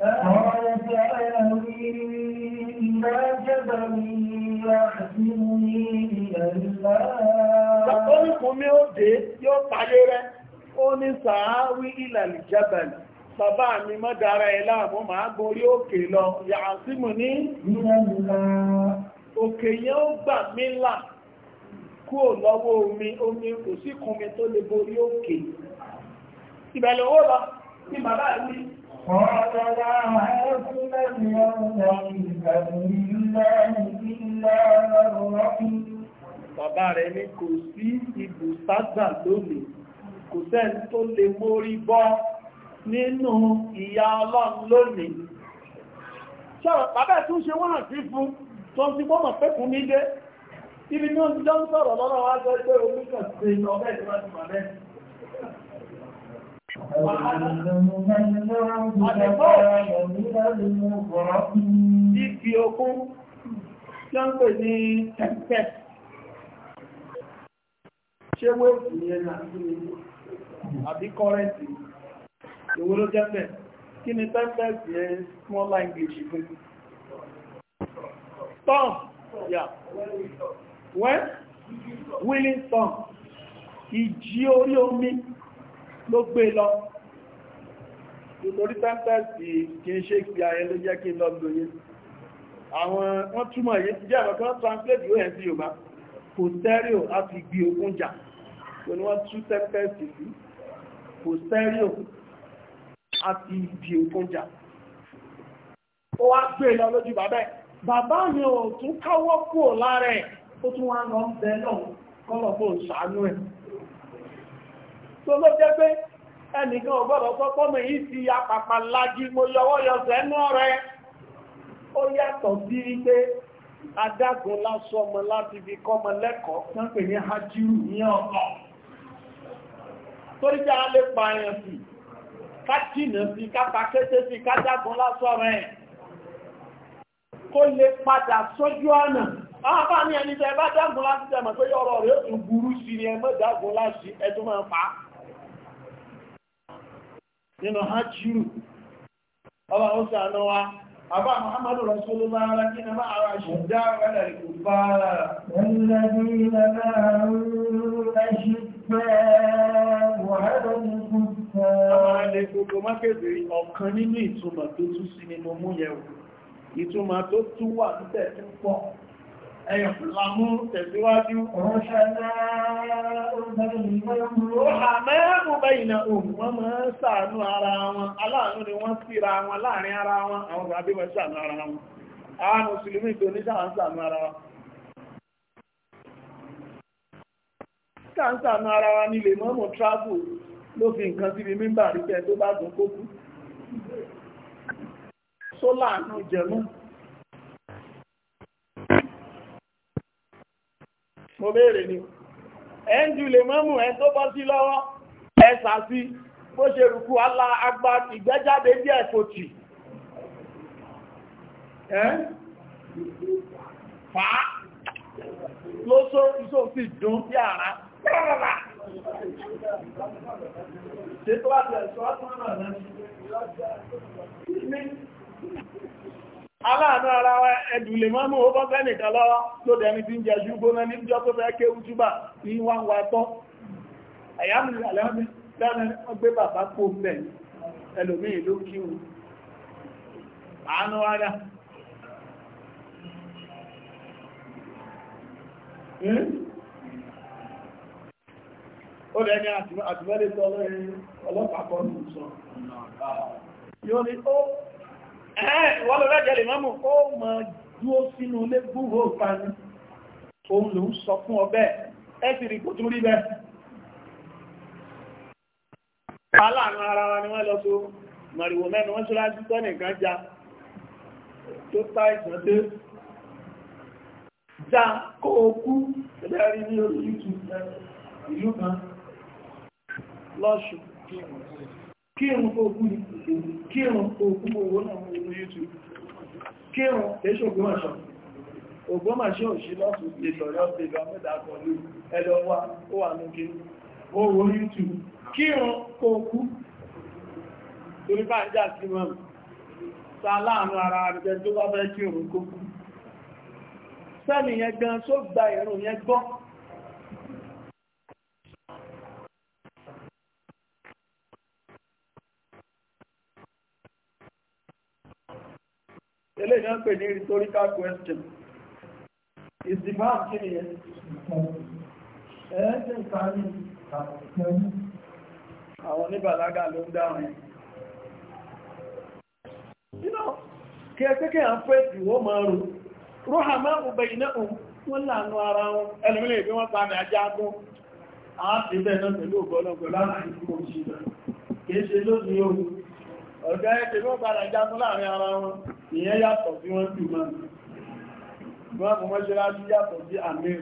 قال تعالي إلى جبل يحزنني إلى Ọ̀pọ̀lọpọ̀ mi ó dé yóò tayé rẹ̀, ó ní sàáwí ìlàlì jẹ́bẹ̀lì, bàbá mi mọ́ dára ẹ láàmú máa gorí òkè lọ, yàá sí mú ní òkè yẹn ó gbà mí là kúrò lọ́wọ́ omi, omi kò sí kùnmi tó lè borí òkè. Ìbẹ̀lẹ̀ owó lọ ní bàbá mi قال لا عاصم اليوم من أمر الله إلا من رحم Bàbá rẹ̀ ní kò sí ibùsádà lónìí, kò sẹ́n tó lè mórí bọ́ nínú ìyà ọlọ́run lónìí. Ṣọ́rọ̀ bàbá tún ṣe wọ́n sí fún tó ti gbọ́mọ̀ pẹ́kùn nílé, ibi ní ó ti jọ ń sọ̀rọ̀ lọ́rọ̀ wá jẹ́ pé omi kàn sí ọbẹ̀ ìwádìí Ìfi okún tí ó ń pè ní ẹ̀pẹ̀. Ṣé wéèkì yẹn náà àbí kọ́rẹ́ntì? Ìwó ló jẹ́ bẹ̀. Kí ni tempest yẹn small language pé? Storm, yeah. When? Willing Tom. Ìjì orí omi ló gbé lọ ìtorí tẹ́ntẹ́sì kí n ṣe ìpìyà ẹ ló jẹ́ kí n lọ lóye àwọn wọ́n túmọ̀ yé ti jẹ́ ọ̀kan translate un sí yorùbá posterio a fi gbé ogun jà tó ní wọ́n tú tẹ́ntẹ́sì sí posterio a fi gbé ogun jà ó wá gbé lọ lójú bàbá ẹ̀ bàbá mi ò tún káwọ́ kúrò lára ẹ̀ ó tún wá lọ ń bẹ lọ́wọ́ kọ́lọ̀ fún ìṣàánú ẹ̀ tó ló jẹ́ pé ẹnìkan ò gbọ́dọ̀ sọ pọ́mọ yìí ti apàpà lájí mo yọwọ́ yọsẹ̀ ẹnu rẹ ó yàtọ̀ sí wípé adágún lásọ ọmọ láti fi kọ́mọ lẹ́kọ̀ọ́ tán pè ní hajiru ní ọ̀pọ̀ torí pé a lè pa ẹ̀yàn sí ká jìnà sí ká pa kété sí ká dágún lásọ rẹ̀ kó lè padà sójú ọ̀nà àwọn afáàní ẹni tẹ́ bá dágún láti tẹ̀mọ̀ pé ọ̀rọ̀ rẹ̀ ó sí ni ẹ mọ́ dágún láti ẹdún máa fà nínú hajjúrù ọba ó sànà wa àbá muhammadu rasulullah kí na máa ara ṣùgbá rádà ìkò bá والذين معه أشداء على الكفار Àwọn ẹlẹ́gbogbo mákèbèrè ọ̀kan ẹ̀yọ̀ lámú tẹ̀síwájú ọ̀hánẹ́rù bẹ́yìnà òun wọ́n mọ́ ṣàánú ara wọn aláàánú ni wọ́n síra wọn láàrin ara àwọn ara wọn àwọn mùsùlùmí tó ní wọn ṣàánú ara wọn mo béèrè ni ẹ̀ńdù lè mọ́mù ẹ̀ tó bọ́ sí lọ́wọ́ ẹ̀ sàásí bó ṣe rùkú alá agbá ìgbẹ́jáde díẹ̀ fòtì fàá ló só ìṣò sí dùn sí àrá rárá ṣe tó wá tẹ̀ ṣọ́ aláàánú ara wa ẹ̀dùlè mọ́ mú ọgbọ́n fẹ́ nìkan lọ́wọ́ ló dẹni tí ń jẹ ṣúgbóná ní ìjọ tó fẹ́ kéwú túbà ní wá ń hmm? tọ́ ọlọ́pàá kan ní ìṣọ́ yóò ní ó ẹ̀ẹ́ ìwọ́n ló lẹ́jẹ̀ lè mọ́mù ó mọ̀ dúó sínú ilé gbúgbò ìpanu òun ló ń sọ fún ọbẹ̀ ẹ sì rí kò tún rí bẹ́ẹ̀ aláàánú ara wa ni wọ́n lọ so màrìwò mẹ́nu já tó já kó o kú YouTube ìlú kírun kó kú ní kírun kó kú owó náà mú inú youtube kírun tẹ́ṣọ́ gbọ́mọ̀ṣọ́ ògbọ́mọ̀ṣọ́ òṣì lọ́sùn ìtọ̀rẹ́ ọ̀tẹ̀lọ mẹ́dàkọ̀ ní ẹlọ́wà ó wà ní kírun youtube kírun kó kú torí bá ń jà sí mọ́ sa láàánú ara rẹ̀ tó bá fẹ́ kírun kó kú sẹ́ni yẹn gan só gba ìrùn yẹn gbọ́ Tẹ́lẹ̀ náà pè ní rhetorical question. Ìsìnbáà kí ni yẹn? Ẹ̀ẹ́sìn ìparí àtẹ̀kẹ́rù. Àwọn oníbàlágà ló ń dáhùn ẹ̀. Iná kí ẹ à ń pẹ́ jù ó máa rò. Róhà máa ń iná òun wọ́n lànà ara wọn. Ẹlòmílẹ̀ ìbí wọ́n pa ajá gún. Àwọn náà pẹ̀lú Kìí ṣe Ọ̀gá láàrin ara wọn. ìyẹn yàtọ̀ bí wọ́n jù mọ́ ìgbọ́n fún mọ́ṣáláṣí yàtọ̀ sí àmìr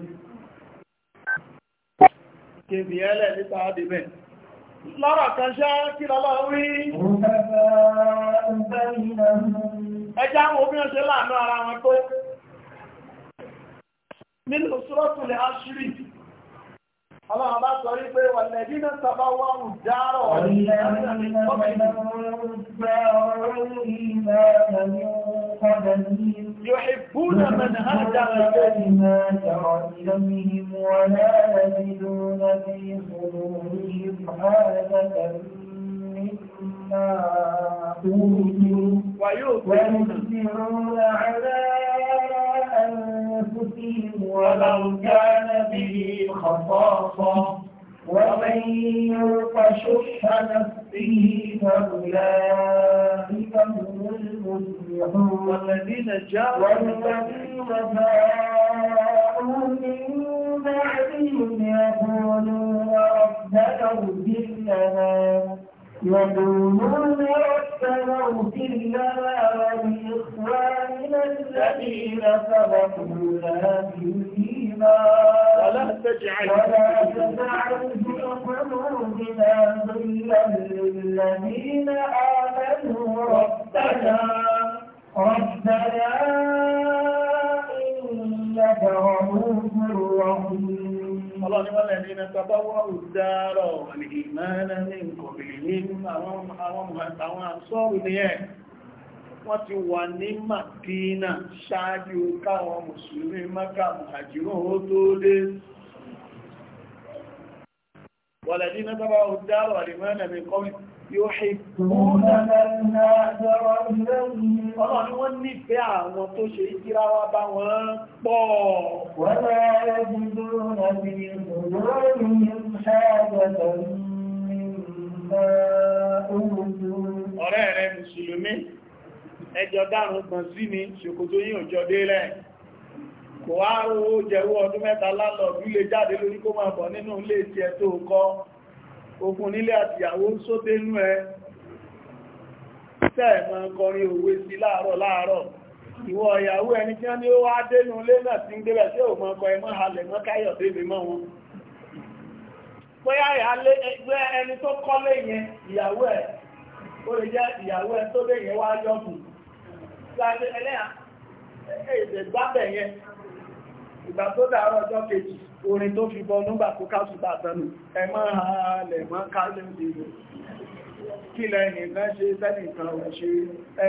kèbì ẹlẹ̀ nípa àdìbẹ̀ lára kan ṣá kí lọ́lọ́ rí ẹjá àwọn obìnrin ṣe láàánú ara wọn tó nínú sọ́rọ̀tún lè áṣírí Ọlọ́run bá sọ wípé wọ̀lẹ̀dí náà sọba wọ́n dárọ̀ ọ̀lẹ́ يحبون من هاجر إليهما كرههم ولا يجدون في صدورهم حاجة مما أوتوا ويؤثرون على ولو كان به خصاصة ومن يوق شح نفسه فأولئك هم المفلحون والذين جاءوا والذين جاءوا من بعدهم يقولون ربنا اغفر لنا يقولون ربنا اغفر لنا ولإخواننا الذين سبقونا بالإيمان ولا تجعل في قلوبنا ظلا للذين آمنوا ربنا ربنا إنك غفور رحيم ọlọ́niwọ́lẹ̀ ní ẹ̀nà tọ́bọ́wọ́ ìdárọ̀ ìmẹ́ẹ̀nà ní ìkọ̀bìnrin ní àwọn àṣọ́rù ní ẹ̀ wọ́n ti wà ní Màdínà ṣáájú káwọn mùsùlùmí Mákà mùhàjírùn ó tó dé wọ̀lẹ̀dínà tọ́bọ́wọ́ ìdárọ̀ ìmẹ́ẹ̀nà ní ìkọ̀bìnrin yóò ṣe ìgbòhùn ولا يجدون في صدورهم حاجة مما ọ̀rẹ́ rẹ̀ mùsùlùmí ẹjọ́ dárùn kan sí ni ṣòkòtò yíò jọ délẹ̀ kò wá owó jẹ̀wọ́ ọdún mẹ́ta lálọ́ọ̀dún lè jáde lórí kó máa bọ̀ nínú ilé tí ẹ tó kọ́ okùn nílé àtìyàwó sóténú ẹ tẹ́ẹ̀ mọ́ kọrin òwe sí láàárọ̀ láàárọ̀ ìwọ ìyàwó ẹni tí wọ́n ní ó wá dénú ilé náà ti ń gbébẹ̀ sí òun ọkọ̀ ẹmọ́ halẹ̀ mọ́ káyọ̀dé mi mọ́ wọn pé ẹni tó kọ́lé yẹn ìyàwó ẹ̀ ó lè jẹ́ ìyàwó ẹ̀ tó lè yẹn wá yọ̀kù láti ẹlẹ́yà èdè ṣe sẹ́nìkan ò ṣe ẹ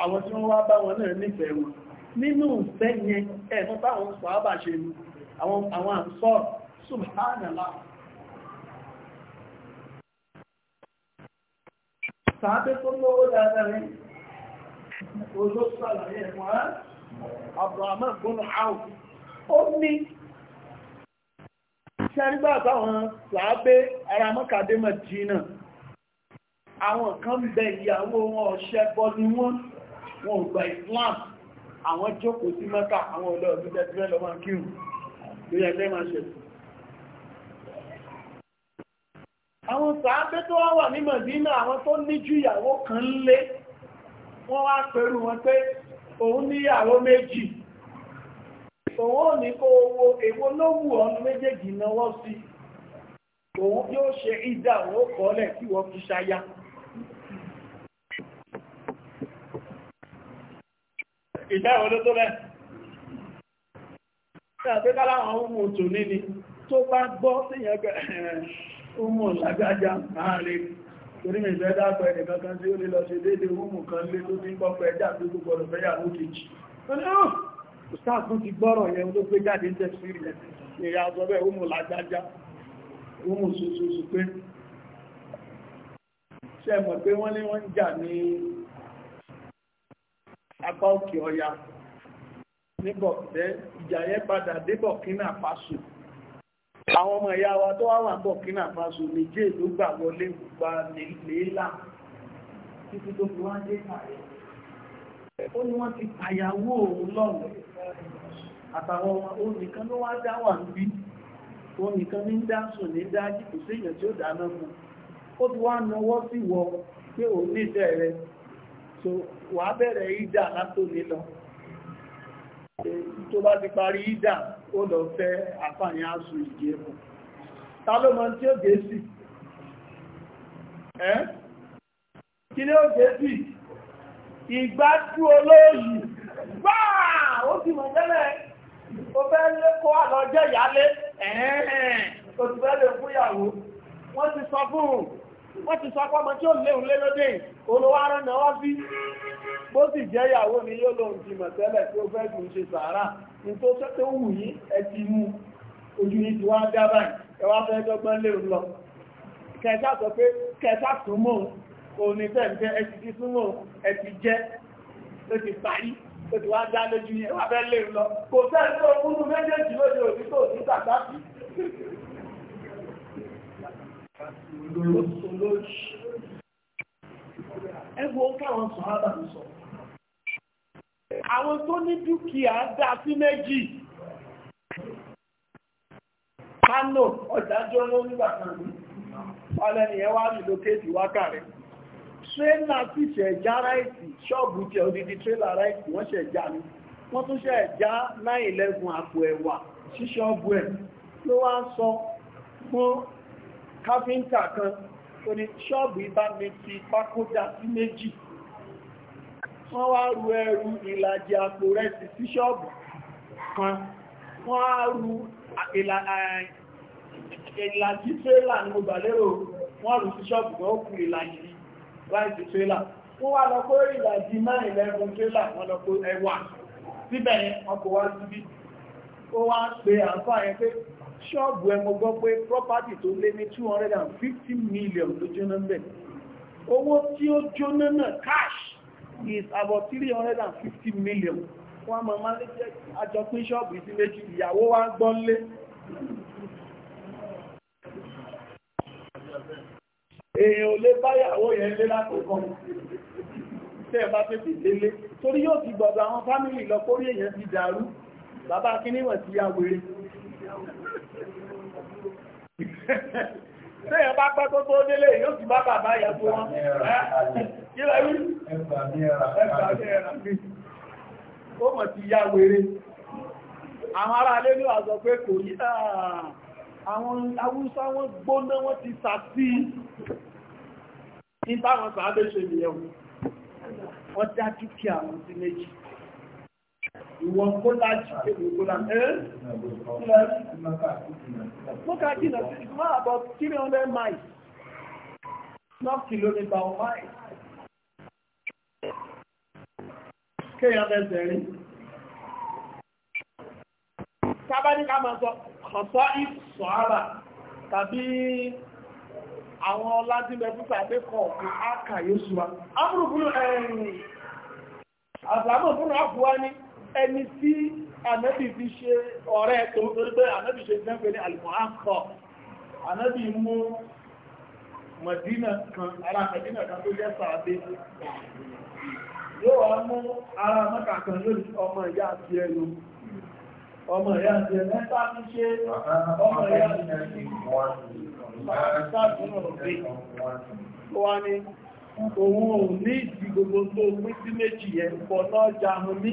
àwọn tí wọ́n wá bá wọn náà nífẹ̀ẹ́ wọn nínú ìfẹ́ yẹn ẹ̀fọ́ táwọn sọ̀ábà ṣe ní àwọn àǹsọ́ subhanallah sàábé tó lówó dáadáa rẹ̀ ojó sàlàyé ẹ̀mọ́ Abdurrahman gbónà áwù ó ní ṣẹ́rígbà táwọn sàábé ara mọ́kàdé Mẹ́dínà àwọn kan bẹ ìyàwó wọn ọ̀ṣẹ́ bọ́ ni wọ́n wọn ò gba Islam àwọn jókòó sí mẹ́ta àwọn ọlọ́ọ̀dún tẹ́tẹ́rẹ́ lọ́wọ́ kírù lórí ẹgbẹ́ máa ṣe àwọn sàábẹ́ tó wá wà ní Mẹ̀dínà àwọn tó ní ju ìyàwó kan lé wọ́n wá pẹ̀lú wọn pé òun níyàwó méjì òun ò ní kó owó èwo ló wù ọ́nù méjèèjì náwọ́ sí òun yóò ṣe ìdá òun kọ́lẹ̀ tí wọ́n fi ṣayá ìjẹ́ ìwọ́n tó bẹ́ ṣàpẹ́ká láwọn ọmọ òtò níní tó bá gbọ́ sí ìyẹ́gbẹ̀ ọmọ lágbájá máa lè torí mi fẹ́ dápẹ́ ẹnìkan kan tí ó lè lọ ṣe déédé ọmọ kan lé tó ti ń pọ́pẹ́ ẹjá tó tó gbọ́dọ̀ fẹ́ yàwó kejì ṣáàkún ti gbọ́rọ̀ yẹn ló gbé jáde ń tẹ̀sí rẹ̀ pé wọ́n ní wọ́n ń jà ní apá òkè ọya níbọ̀ ìjà yẹn padà dé Burkina Faso àwọn ọmọ ìyá wa tó wà wà Burkina Faso méjì ló gbà wọlé gba lélà títí tó fi wá dé pààyà ó ní wọ́n ti pàyàwó òun lọ́wọ́ àtàwọn ọmọ ló wá dá wà ní dá sùn ní sí èèyàn tí ó dáná ó ti wá so wà á bẹ̀rẹ̀ ìdà látòlé lọ tó bá ti parí ìdà ó lọ fẹ́ àfààyàn aṣù ìgé ẹ̀kùn ta ló mọ̀ tí ó gé sí ẹ́ kí ni ó gé sí ìgbájú olóòyì gbáà ó ti mọ̀ tẹ́lẹ̀ ó fẹ́ lé kó àlọ́jẹ́ ìyálé ẹ̀ẹ́n ó ti fẹ́ lè fúyàwó wọ́n ti sọ fún un wọ́n ti sọ pọ́mọ tí ó léhun lé lóde olówárán náà wọ́n fi bó sì jẹ́ ìyàwó ni yóò lóhun ti mọ̀ tẹ́lẹ̀ tí ó fẹ́ kì í ṣe sàárà ní tó fẹ́ tó wù yín ẹ ti mú ojú yín ti wá dá báyìí ẹ wá fẹ́ dọ́gbọ́n léhun lọ kẹta sọ pé kẹta tún mọ̀ òun ni tẹ̀ ń jẹ́ ẹ ti ti súnmọ̀ ẹ ti jẹ́ ó ti parí ó ti wá dá lójú yín ẹ wá fẹ́ léhun lọ kò fẹ́ tó fúnnú méjèèjì lóde òbí tó ní tàbí olóòṣì ẹgbẹ́ ó káwọn sọ ábà ń sọ àwọn tó ní dúkìá dá sí méjì kánò ọ̀dájọ́ ló nígbà kan ní palẹ́ni ẹ wá nílò kéèkì wákàrẹ́ tírélà sì ṣẹ̀já ráìtì ṣọ́ọ̀bù tẹ odidi tírélà ráìtì wọ́n ṣẹ̀já ní wọ́n tún ṣẹ̀já 911 àpò ẹ̀wà sí ṣọ́ọ̀bù ẹ̀ ló káfíńtà kan tó ní ṣọ́ọ̀bù ibá mi ti pákódà sí méjì wọ́n wá ru ẹrù ìlàjì àpò rẹ̀ sí sí ṣọ́ọ̀bù kan wọ́n á ru ìlàjì tírélà ní mo gbà lérò wọ́n rù sí ṣọ́ọ̀bù kan ó kù ìlàjì láìsí tírélà wọ́n wá lọ pé ìlàjì náà ìlẹ́gùn tírélà wọ́n lọ ṣọ́ọ̀bù ẹ mo pé property tó lé ní 250 million ló jóná bẹ̀ owó tí ó jóná náà cash is about 350 million wọ́n mọ̀ máa lé jẹ́ àjọpín ṣọ́ọ̀bù sí méjì ìyàwó wá gbọ́n lé èèyàn ò lè báyàwó yẹn lé látòkọ́ tẹ́ ẹ bá tètè délé torí yóò ti gbọ̀gbọ̀ àwọn fámìlì lọ kórí èèyàn ti dàrú bàbá akíníwọ̀n ti ya wèrè Téèyàn bá pẹ́ tó tó délé yóò sì bá bàbá ìyàtọ̀ wọn. Kí lẹ wí? Ó mọ̀ ti yá wèrè. Àwọn ará alé ní àzọ pé kò yí àwọn awúsá wọn gbóná wọn ti sà sí ní sàábé ṣe nìyẹn. Wọ́n dá dúkìá wọn sí méjì ìwọ̀n kó láti kéwòn kó láti ẹ́ mọ́ká jìnà sí it's not about three hundred miles not kilometer or mile kéèyàn fẹsẹ̀ rí tábàdí ká máa sọ ọ̀sọ́ ìsọ̀ àbà tàbí àwọn ọlájúmẹ́ púpà pé kọ̀ọ̀kọ̀ ákà yóò ṣùwà. Amúrùbúrú ẹ̀rìn àbàmọ̀ fún àbúwá ní ẹni tí ànábì fi ṣe ọ̀rẹ́ tó torí pé ànábì ṣe jẹ́ ní alìmọ̀hánkọ̀ ànábì mú mọ̀dínà kan ará mọ̀dínà kan tó jẹ́ sàádé yóò wá mú ará mọ́kà kan lórí ọmọ ìyá àti ẹnu ọmọ ìyá àti ẹnu mẹ́ta ní ṣe ọmọ ìyá àti ẹnu Òun ò ní ìdí gbogbo tó pín sí méjì yẹn pọ̀ náà jahun ní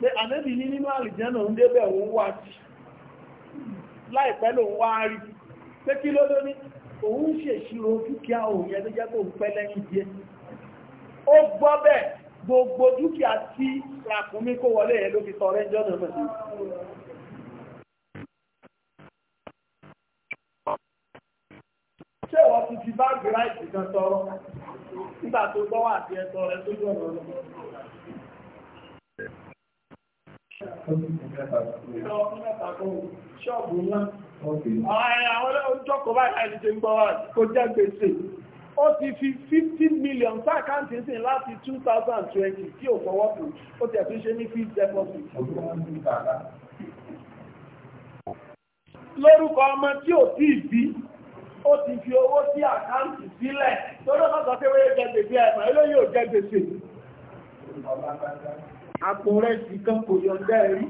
pé ànábì ní nínú àlìjẹ́nà ń débẹ̀ òun wà jì láìpẹ́ lòun wá rí pé kí ló ló ní òun ṣèṣirò dúkìá òun yẹn tó jẹ́ kó ń pẹ́ lẹ́yìn díẹ̀ ó gbọ́ bẹ́ẹ̀ gbogbo dúkìá tí ràkúnmí kó wọlé yẹn ló fi tọrẹ jọ́nà náà Ṣọ́ọ̀bù ńlá. Àwọn ọjọ́kọ̀ Ó ti fi 15 million sáàkáǹtì sí láti 2020 tí ò fọwọ́ Ó ti ẹ̀tún ṣe ní fixed deposit. Lórúkọ ọmọ tí ò tí ìbí, ó ti fi owó sí àkáǹtì sílẹ̀. Tó lọ́pàá sọ pé wọ́n yóò jẹ gbèsè ẹ̀mọ̀, ilé yóò jẹ gbèsè àpò rẹ̀ sí kan kò yọ dẹ́rí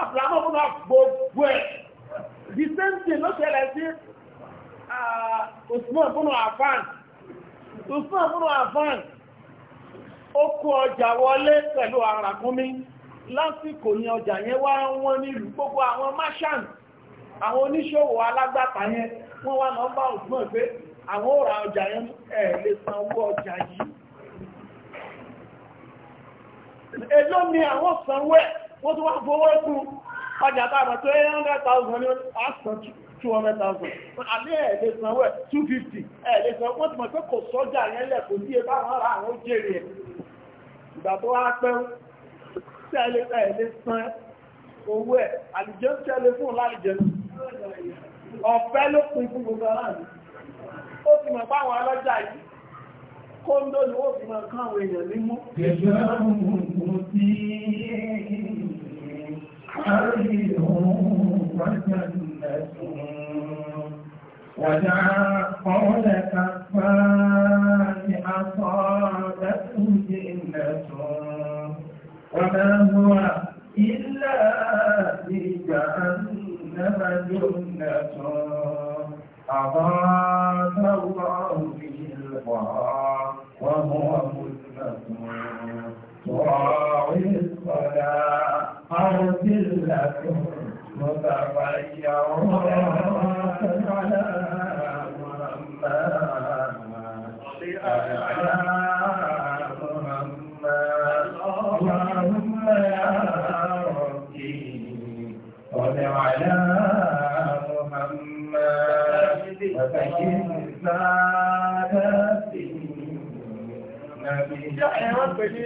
àpìlámọ́ fún àgbogbo ẹ̀ same thing, ló ṣẹlẹ̀ sí Usman fún àfáàn Usman fún àfáàn ó kó ọjà wọlé pẹ̀lú àràkúnmí lásìkò ní ọjà yẹn wá wọ́n nílùú gbogbo àwọn marshal àwọn oníṣòwò alágbàtà yẹn wọ́n wá lọ bá pé àwọn ò ra ọjà yẹn ẹ̀ lè san owó ọjà yìí èló ni àwọn sanwó ẹ̀ wọ́n tún wá fowó ẹkùn ọjà táàbà tó 800,000 ní àṣàn 200,000 alẹ́ ẹ̀lẹ́ sanwó ẹ̀ 250 ẹ̀lẹ́ sanwó wọ́n ti mọ̀ pé kò sọ́jà yẹn lẹ̀ kò sí ebá àwọn ará àwọn jèrè ẹ̀ ìgbà tó wá pẹ́ sí ẹ̀lẹ́ san owó ẹ̀ àlìjẹ́ tẹ́lẹ̀ fún lálìjẹ́ ọ̀fẹ́ ló pin fún gbogbo aláàrùn ó ti mọ̀ pé àwọn ọlọ́jà yìí kóńdó ni ó fi máa kán àwọn èèyàn ní mú. Wàjá ọ̀rẹ́ kàfà ní àtọ́rẹ́ tó jẹ́ ilẹ̀ tó. Wàjá ọ̀rẹ́ إلا لجهنم جنة أضاف الله به القرآن وهو مسلم تراعي الصلاة أرسلة متغيرات على محمد على محمد فسجد ẹ̀wọ́n pè ní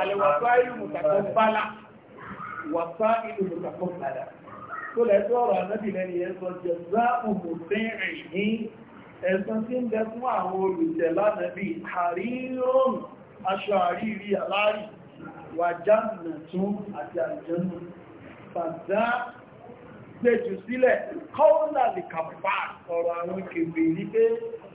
àlèwàfá ìlú mùtàkọ́ bálá wàfá ìlú mùtàkọ́ bálá tó lẹ́tọ́ ọ̀rọ̀ anábìlẹ̀ ni ẹ̀sọ́ jẹ́ bá òmù tẹ́rìn ní ẹ̀sán tí ń bẹ fún àwọn olùtẹ̀ lánàbí àríyàn aṣọ àríyí aláàrí wà jáàmù tún àti àjẹ́nu fàdá gbẹ̀jù sílẹ̀ kọ́ọ̀lá lè kàfà ọ̀rọ̀ àwọn kèfèé ní pé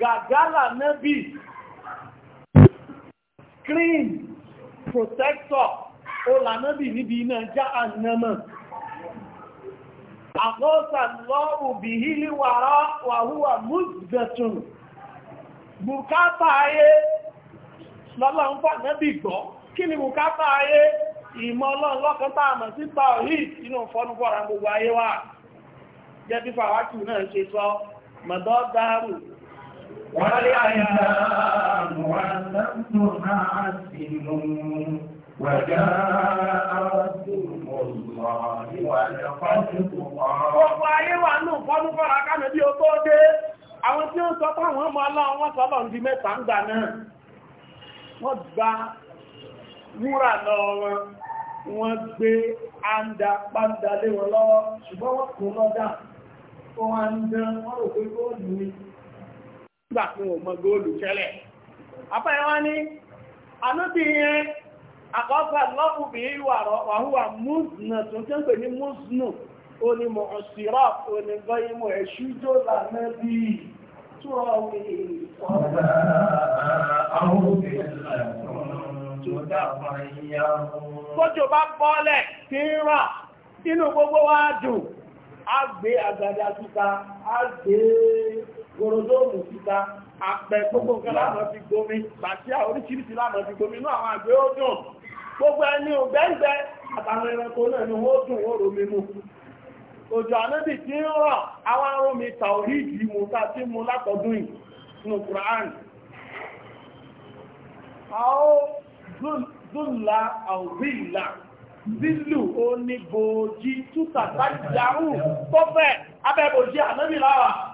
gàgálà nẹ́bì screen protector olànẹ́bì níbi iná já ànàmọ̀ àkọ́sà lọ́rù bí hílí wàhúwà múzgẹ̀tùn bùkátà ayé lọ́lọ́ ń fà nẹ́bì gbọ́ kí ni bùkátà ayé ìmọ̀ ọlọ́run lọ́kan tá àmọ̀ sí tawhid inú fọ́núfọ́ra gbogbo ayé wà jẹ́ bí fàwákì náà ṣe sọ mọ̀dọ́ dáàrù والأيام علمتها عسل وجاء رسول الله والخلق Ọ̀pọ̀ ayé wà ní ọ̀pọ̀lú fọ́ra kánà àwọn tí ó sọ fáwọn ọmọ aláwọn wọ́n sọ́lọ̀ ń di mẹ́ta ń gbà náà. Wọ́n gba wúrà lọ wọn, wọ́n gbé àndà pàndà lé wọn lọ́wọ́, ṣùgbọ́n wọ́n kò lọ́dà, wọ́n ń dán, wọ́n rò pé kó lù gbà fún ọmọ góòlù tẹ́lẹ̀ afẹ́rẹ́ wá ní anúbí yẹn àkọ́fà lọ́pùpì ìwà wàhúwà múùsùnà tó ń pè ní múùsùnù onímọ̀ ọ̀sìrọ̀ onígbọ́ ìmọ̀ ẹ̀ṣú jó lànà bí i tó ọ̀wé ìfọ̀dà àgbàdà síta, a gorodóòmù síta àpẹ gbogbo nǹkan láàmà fi gbomi bàtíà oríṣiríṣi láàmà fi gbomi inú àwọn àgbẹ̀ ó dùn gbogbo ẹni ògbẹ́ǹgbẹ́ àtàwọn ẹranko náà ni wọ́n dùn wọ́n romi mu òjò ànábì tí ń rọ̀ àwọn arómi tàorídì mú ta tí mú látọ̀dún yìí nínú Kùránì àó zúlà àwòrìlà zílù oníbòójì tútà tàbí àrùn tó fẹ́ abẹ́bòójì ànábì láwàá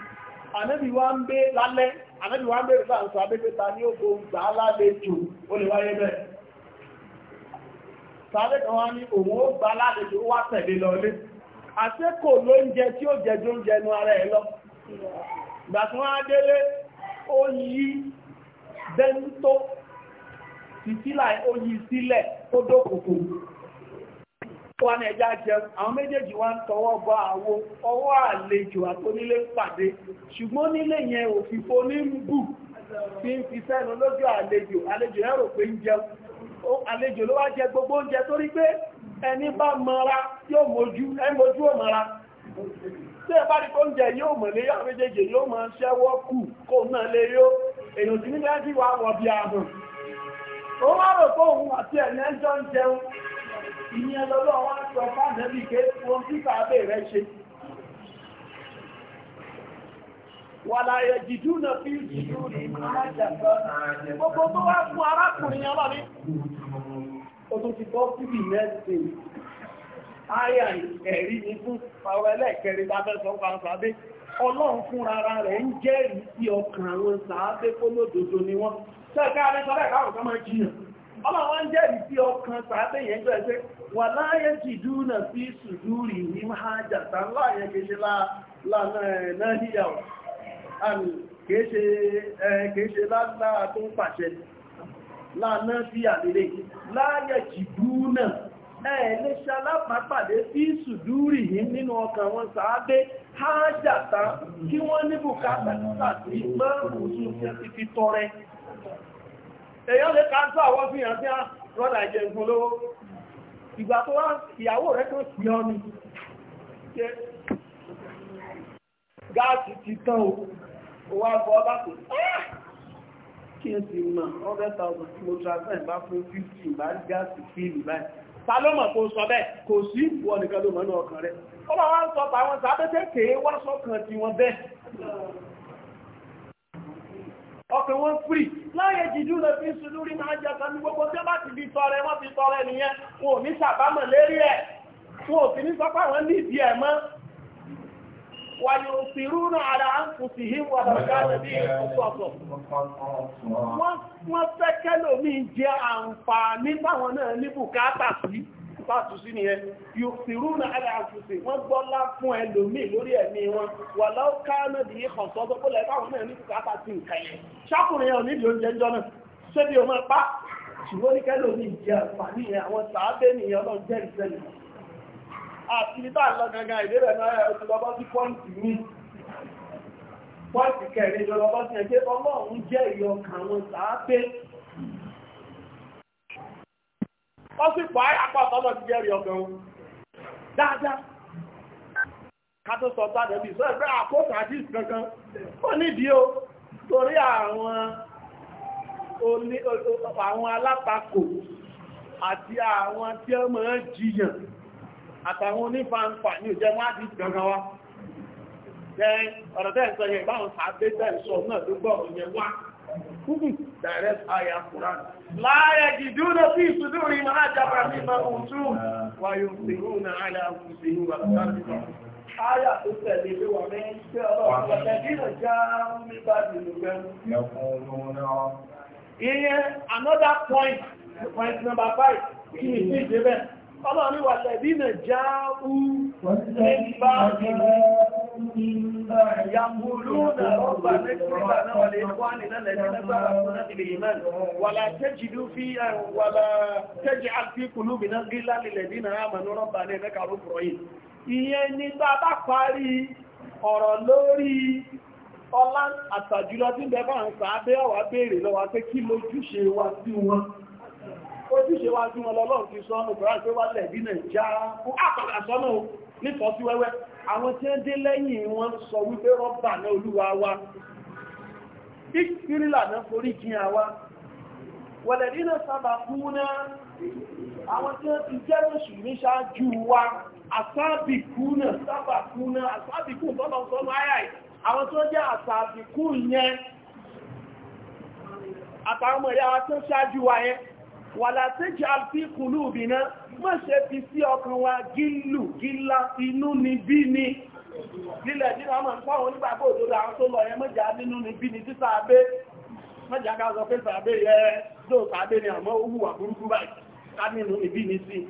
ànábì wá ń gbé lálẹ́ ànábì wá ń bèèrè fún àǹsọ abẹ́gbẹ́ta ní ó gbóhùn gbà á lálejò ó lè wáyé bẹ́ẹ̀ sáré kan wá ní òun ó gbà lálejò ó wá tẹ̀lé lọlé àṣé kò lóúnjẹ tí ó jẹ jóúnjẹ nu ara ẹ̀ lọ ìgbà tí wọ́n á délé ó yí bẹ́ńtó títí láì ó yí sílẹ̀ ó dókòkò wọ́n ní ẹja jẹun àwọn méjèèjì wá ń tọwọ́ bọ àwo ọwọ́ àlejò àtonílé pàdé ṣùgbọ́n nílé yẹn òfìfo ní ń bù tí ń fi sẹ́nu lójú àlejò àlejò yẹn rò pé ń jẹun àlejò ló wá jẹ gbogbo oúnjẹ torí pé ẹni bá mọ́ra yóò mójú ẹmójú ò mọ́ra tí ẹ bá rí oúnjẹ yóò mọ̀ lé yàrá méjèèjì yóò mọ̀ ṣẹ́wọ́ kù kó náà lé yó èèyàn tí nílẹ̀ ti wà wọ̀ bí ahùn ó wá rò pé òun àti ẹ̀yẹ́ ń ń jẹun ìyẹn lọ́lọ́ wá sọ fánàbí pé ohun tí tàbí rẹ̀ ṣe wà láyé jìdú náà fi jìdú ní gbogbo tó wá fún arákùnrin yẹn ní o tó ti bọ́ síbi mẹ́sì àyà ẹ̀rí ní fún àwọn ẹlẹ́ẹ̀kẹrin lábẹ́ sọ pa sàbé ọlọ́run fún rárá rẹ̀ ń jẹ́rìí sí ọkàn àwọn sàábé kólódodo ni wọ́n tẹ́ẹ̀ká rẹ̀ sọ́lẹ̀ káwọn kan máa jiyàn ọlọ́run wọ́n jẹ́ ìdí ọkàn sàábẹ̀ yẹn jọ ẹgbẹ́ wà láyé ti dúnà sí sùdúrì ní máa jàtà láyé kéṣe lánàá híyà ọ̀ àmì kéṣe lánàá tó ń pàṣẹ lánàá sí àlèrè láyé ti dúnà ẹ̀ẹ́lẹ́ṣẹ́ alápàpàdé sí sùdúrì yìí nínú ọkàn wọn sàábẹ̀ hájàtà kí wọ́n ní bùkátà sí pẹ́ èyàn lè ká tó àwọn fi hàn sí á rọ́dà ìjẹ ìfún lówó ìgbà tó wá ìyàwó rẹ̀ kan sí ọ ni ṣe gáàsì ti tán o ó wá bọ́ bá kò ah! kí n sì mọ̀ hundred thousand tí mo transfer bá fún fifty bá gáàsì fíìlì báyìí ta ló mọ̀ kó sọ bẹ́ẹ̀ kò sí ìwọ nìkan ló mọ̀ ní ọkàn rẹ̀ ó bá wá ń sọ tàwọn sábẹ́tẹ̀ kéé wá sọ́kàn tiwọn bẹ́ẹ̀ ọkàn wọn fìrì láyé jìdú rẹ̀ fi ń sun lórí máa jẹta ní gbogbo tí ó bá ti bí tọrẹ wọ́n fi tọrẹ nìyẹn wọn ò ní sàbámọ̀ lérí ẹ̀ wọn ò sì ní sọpá wọn ní ìdí ẹ̀ mọ́ wàyò òsìrú náà ara ń kù sí hí wà lọ́gbàdàn bí ìfúsọ̀tọ̀ wọ́n fẹ́ kẹ́lòmí jẹ àǹfààní báwọn náà ní bùkátà sí pàtó sí nìyẹn yòòfìrú na aláàfùsè wọ́n gbọ́lá fún ẹlòmíì lórí ẹ̀mí wọn wà láwọ́ káánà dìé kàn sọ tó bọ́lá ẹ̀fọ́ àwọn náà ní kùkà àtà sí nǹkan yẹn ṣákùnrin yẹn ò ní ìdíyóúnjẹ ńjọ náà ṣé bí o máa pa ṣùgbọ́n ní kẹ́lò ní ìjẹ àǹfààní yẹn àwọn sàábẹ́ nìyẹn ọlọ́run jẹ́ àti níta lọ gangan ìbéèrè náà ẹ̀ ó sì pọ̀ àyàpá ọ̀tọ́lọ̀ ti jẹ́rìí ọgbẹ̀ wọn dáadáa ká tó sọ sáà dẹ̀bí sọ ẹgbẹ́ àkókò àti ìkankan ó nídìí o torí àwọn àwọn alátakò àti àwọn tí ó máa jiyàn àtàwọn onífàǹfà ní òjẹ́ wọ́n á di ìkankan wa jẹ́ ọ̀rọ̀ tẹ́ ìsọ yẹn báwọn sàbẹ́ tẹ́ ìsọ náà ló gbọ́ specific direct ayah Quran. Láyé jìdúnà sí ìsúdúrí máa jábà ní Mahùtú wà yóò sí ìhùn àlà òkúsí ìhùn àtàríwá. Ayà tó tẹ̀lé lé wà mẹ́rin tẹ̀lé já ní bá dìlú another point, point number five, kí ni sí ìdébẹ̀? Ọlọ́run wà tẹ̀lé já ú ní bá dìlú. يقولون ربنا اكفرنا ولإخواننا الذين سبقونا بالإيمان ولا تجد في ولا تجعل في قلوبنا غلا للذين آمنوا ربنا إنك رؤوف رحيم ìyẹn ni tá a bá parí ọ̀rọ̀ lórí ọlá àtàjùlọ tí bẹ bá ń sàábẹ́ ọ̀wà béèrè lọ́wọ́ pé kí lójúṣe wa sí wọn ojúṣe wa sí wọn lọ́lọ́run ti sọ́nà bọ́rá pé wálẹ̀ bí nàìjíríà fún àpàdà sọ́nà nífọ́ sí wẹ́wẹ́ àwọn tí ó dé lẹ́yìn wọn sọ wípé rọ́bà náà olúwa wa ìfìrìlà náà forí kí àwa wọ̀lẹ̀dí náà sábà kú náà àwọn tí ó ti jẹ́ oṣù ní ṣáájú wa àsábìkú náà sábà kú náà àsábìkú tọ́lọ̀tọ́lọ̀ ayáì àwọn tó jẹ́ àsábìkú yẹn àtàwọn ọmọ ìyá wa tó wàlá tẹ́jì àti kùlù ìbìnà mọ́ ṣe fi sí ọkàn wa gílù gílá inú ni bí ni nílẹ̀ nínú ọmọ nǹkan àwọn onígbàgbọ́ òdodo àwọn tó lọ yẹn mọ́jà nínú ni bí ni tí sàábé mọ́jà ká sọ pé sàábé yẹ tó sàábé ni àmọ́ ó hùwà burúkú báyìí ká nínú ni bí ni sí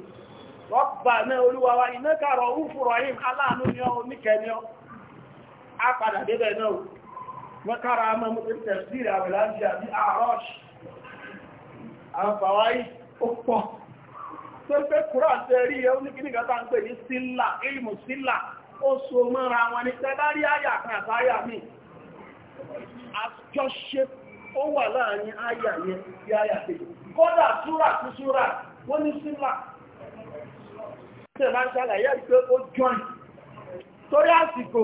àwọn fàwáyí ó pọ̀ tó pé kúrò tẹ́rí ẹ oníkíníkà tá ń pè ní sílà ilmù sílà ó so mọ́ra wọn ní tẹ́bárí àyà kan àtàyà mi àjọṣe ó wà láàrin àyà yẹn sí àyà kejì kódà súrà sí súrà wọ́n ní sílà tẹ̀bá ṣàlàyé pé ó jọin torí àsìkò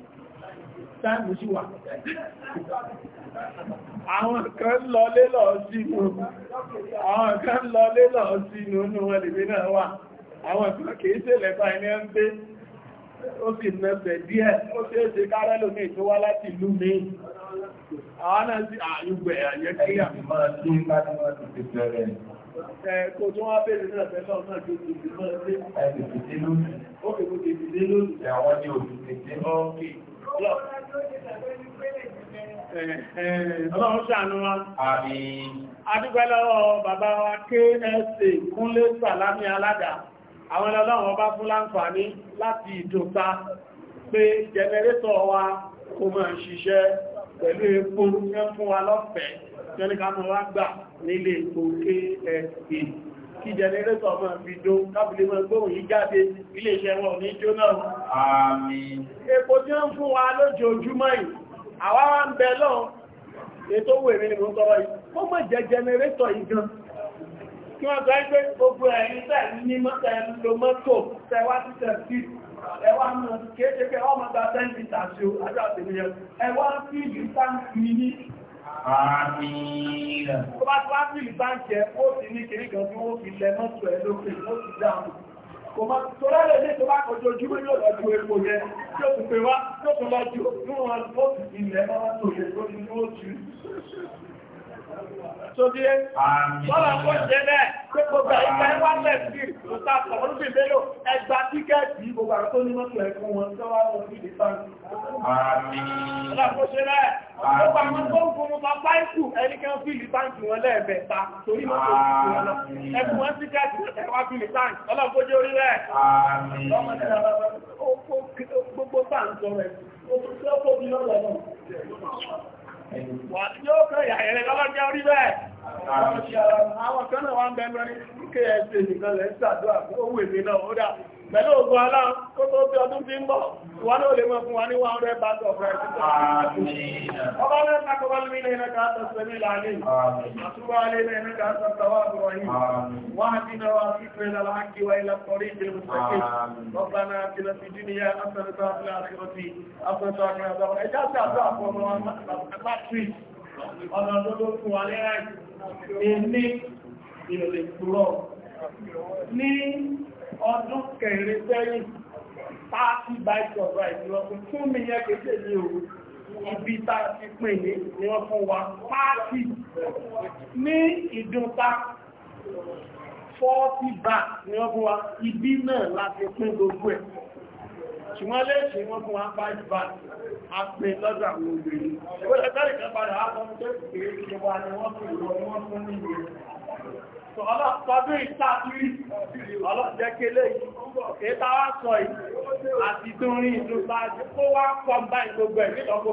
táìmù sí wà àwọn kan lọlé lọ sínú àwọn kan lọlé lọ sínú inú wọn lèmi náà wà àwọn kan kìí tẹ́lẹ̀ bá ẹni ń gbé ó sì mẹ́fẹ̀ díẹ̀ ó sì èsè kárẹ́ lómi tó wá láti ìlú mi àwọn náà sí àyùgbẹ̀ àyẹ́kí àmì máa tí láti máa ti ti bẹ̀rẹ̀ Ẹ̀kọ́ tó wá bèèrè náà pẹ̀lú ọ̀nà tó ti ti máa ń lé. Ẹ̀kọ́ tó ti dé lónìí. Ó kèkó ti ti dé lónìí. Ẹ̀wọ́n ni òfin ti dé. Ọ́kè. Ọlọ́run ṣàánú wa. Adúgbẹ́ lọ́wọ́ bàbá wa KSA Kúnlé Sàlámí Aládà, àwọn ọlọ́run ọba fún láǹfààní láti ìdòta pé jẹnẹrétọ̀ wa kò mọ̀ ṣiṣẹ́ pẹ̀lú epo ń fún wa lọ́fẹ̀ẹ́, jẹ́ kí jẹnẹrétọ̀ ọmọ ìdó kábìlì mọ́ gbóhùn yí jáde iléeṣẹ́ wọn ní jóná àmín epo tí ó ń fún wa lójoojúmọ́ yìí àwa wá ń bẹ lọ́n ètò owó èmi ni mo ń tọrọ yìí kó mọ̀ jẹ jẹnẹrétọ̀ yìí gan kí wọ́n sọ pé gbogbo ẹ̀yin tẹ̀ ní mọ́tẹ̀ lo mọ́tò tẹwá títẹ̀ sí ẹwà mọ̀ kéékèèké ọmọ gba 10 litres àjọ àjọ àtẹ̀míyẹ ẹwà fíìlì táǹkì ní Àmín. Tó bá tó ápìlì bá ń jẹ, ó ti ní kìrí kan tí ó fi lẹ mọ́tò ẹ lókè, ó ti dáhùn. Kò mọ́ tó lẹ́lẹ̀ ní tó bá kọjú ojúmọ́ yóò lọ epo yẹ, tí ó tún pè wá, tí ó tún ní wọn ó ti ilẹ̀ mọ́tò yẹ, ó ti ní ó jù tó dé bọ́lá kó ṣe bẹ́ẹ̀ pé gbogbo ìgbà ẹ wá lẹ̀ sí ìrùsà ọ̀rún bí mélòó ẹgbà tíkẹ́ẹ̀tì gbogbo àwọn tó ní mọ́tò ẹ̀kọ́ wọn tó wá lọ sí ìdí sáà. bọ́lá kó ṣe bẹ́ẹ̀ gbogbo àwọn tó ń fún ọmọ báìkù ẹni kan fìlì táǹkì wọn lẹ́ẹ̀mẹ́ta torí mọ́tò ìgbà lọ ẹkùn wọn tíkẹ́ẹ̀tì ẹwà fìlì táǹkì kó ṣe orí rẹ̀. Wà tí ó kẹ́ ìyà ẹ̀rẹ́ lọ́lọ́jẹ́ orí bẹ́ẹ̀. Àwọn kan náà wá ń bẹ́ẹ̀ lọ́rí, kí pẹ̀lú ògùn aláà kó tó bí ọdún tí ń bọ̀ wọ́n ní ó lè mọ́ fún wa ní 100 bags of rice ọba lẹ́ta kọba lórí ilẹ̀ iná ká tọ́ sẹ́mí láàrin àtúbọ̀ alẹ́ ilẹ̀ iná ká tọ́ tọ́wà bọ̀rọ̀yìn wọ́n á bí náà sí pé lálàákí wa ilẹ̀ kọrí ìjẹun sẹ́kì ọ̀pọ̀lọpọ̀ àti lọ́sí dúníyà afẹ́rẹ́ta àti àṣírọ́tì afẹ́rẹ́ta àti àṣírọ́tì ẹjá sí àjọ ọdún kẹrin sẹ́yìn pàtí by surprise wọ́n fún fún mi yẹ́ kéṣe ní òru ibi tá ti pín ní ni wọ́n fún wa pàtí ní ìdúnta 40 back ni wọ́n fún wa ibi náà láti pín gbogbo ẹ̀ ṣùgbọ́n léṣe wọ́n fún wa five baht a pè lọ́dọ̀ àwọn obìnrin ó lè tẹ́lẹ̀ kan padà á kọ́ tó pè é ṣe wa ni wọ́n fi ìwọ ni wọ́n fún ní ìwé sọ ọlọ́pọ̀dún ìtàkìrí ọlọ́jẹ́kẹ́lẹ́ ìta wá sọ yìí àti tó rí ìlú sáájú kó wá kọ́ bá ìgbogbo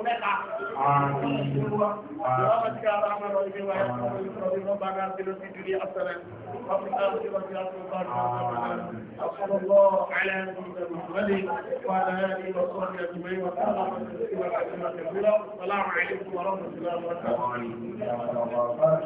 وعلى آله وصحبه أجمعين وسلم تسليما كثيرا السلام عليكم ورحمة الله وبركاته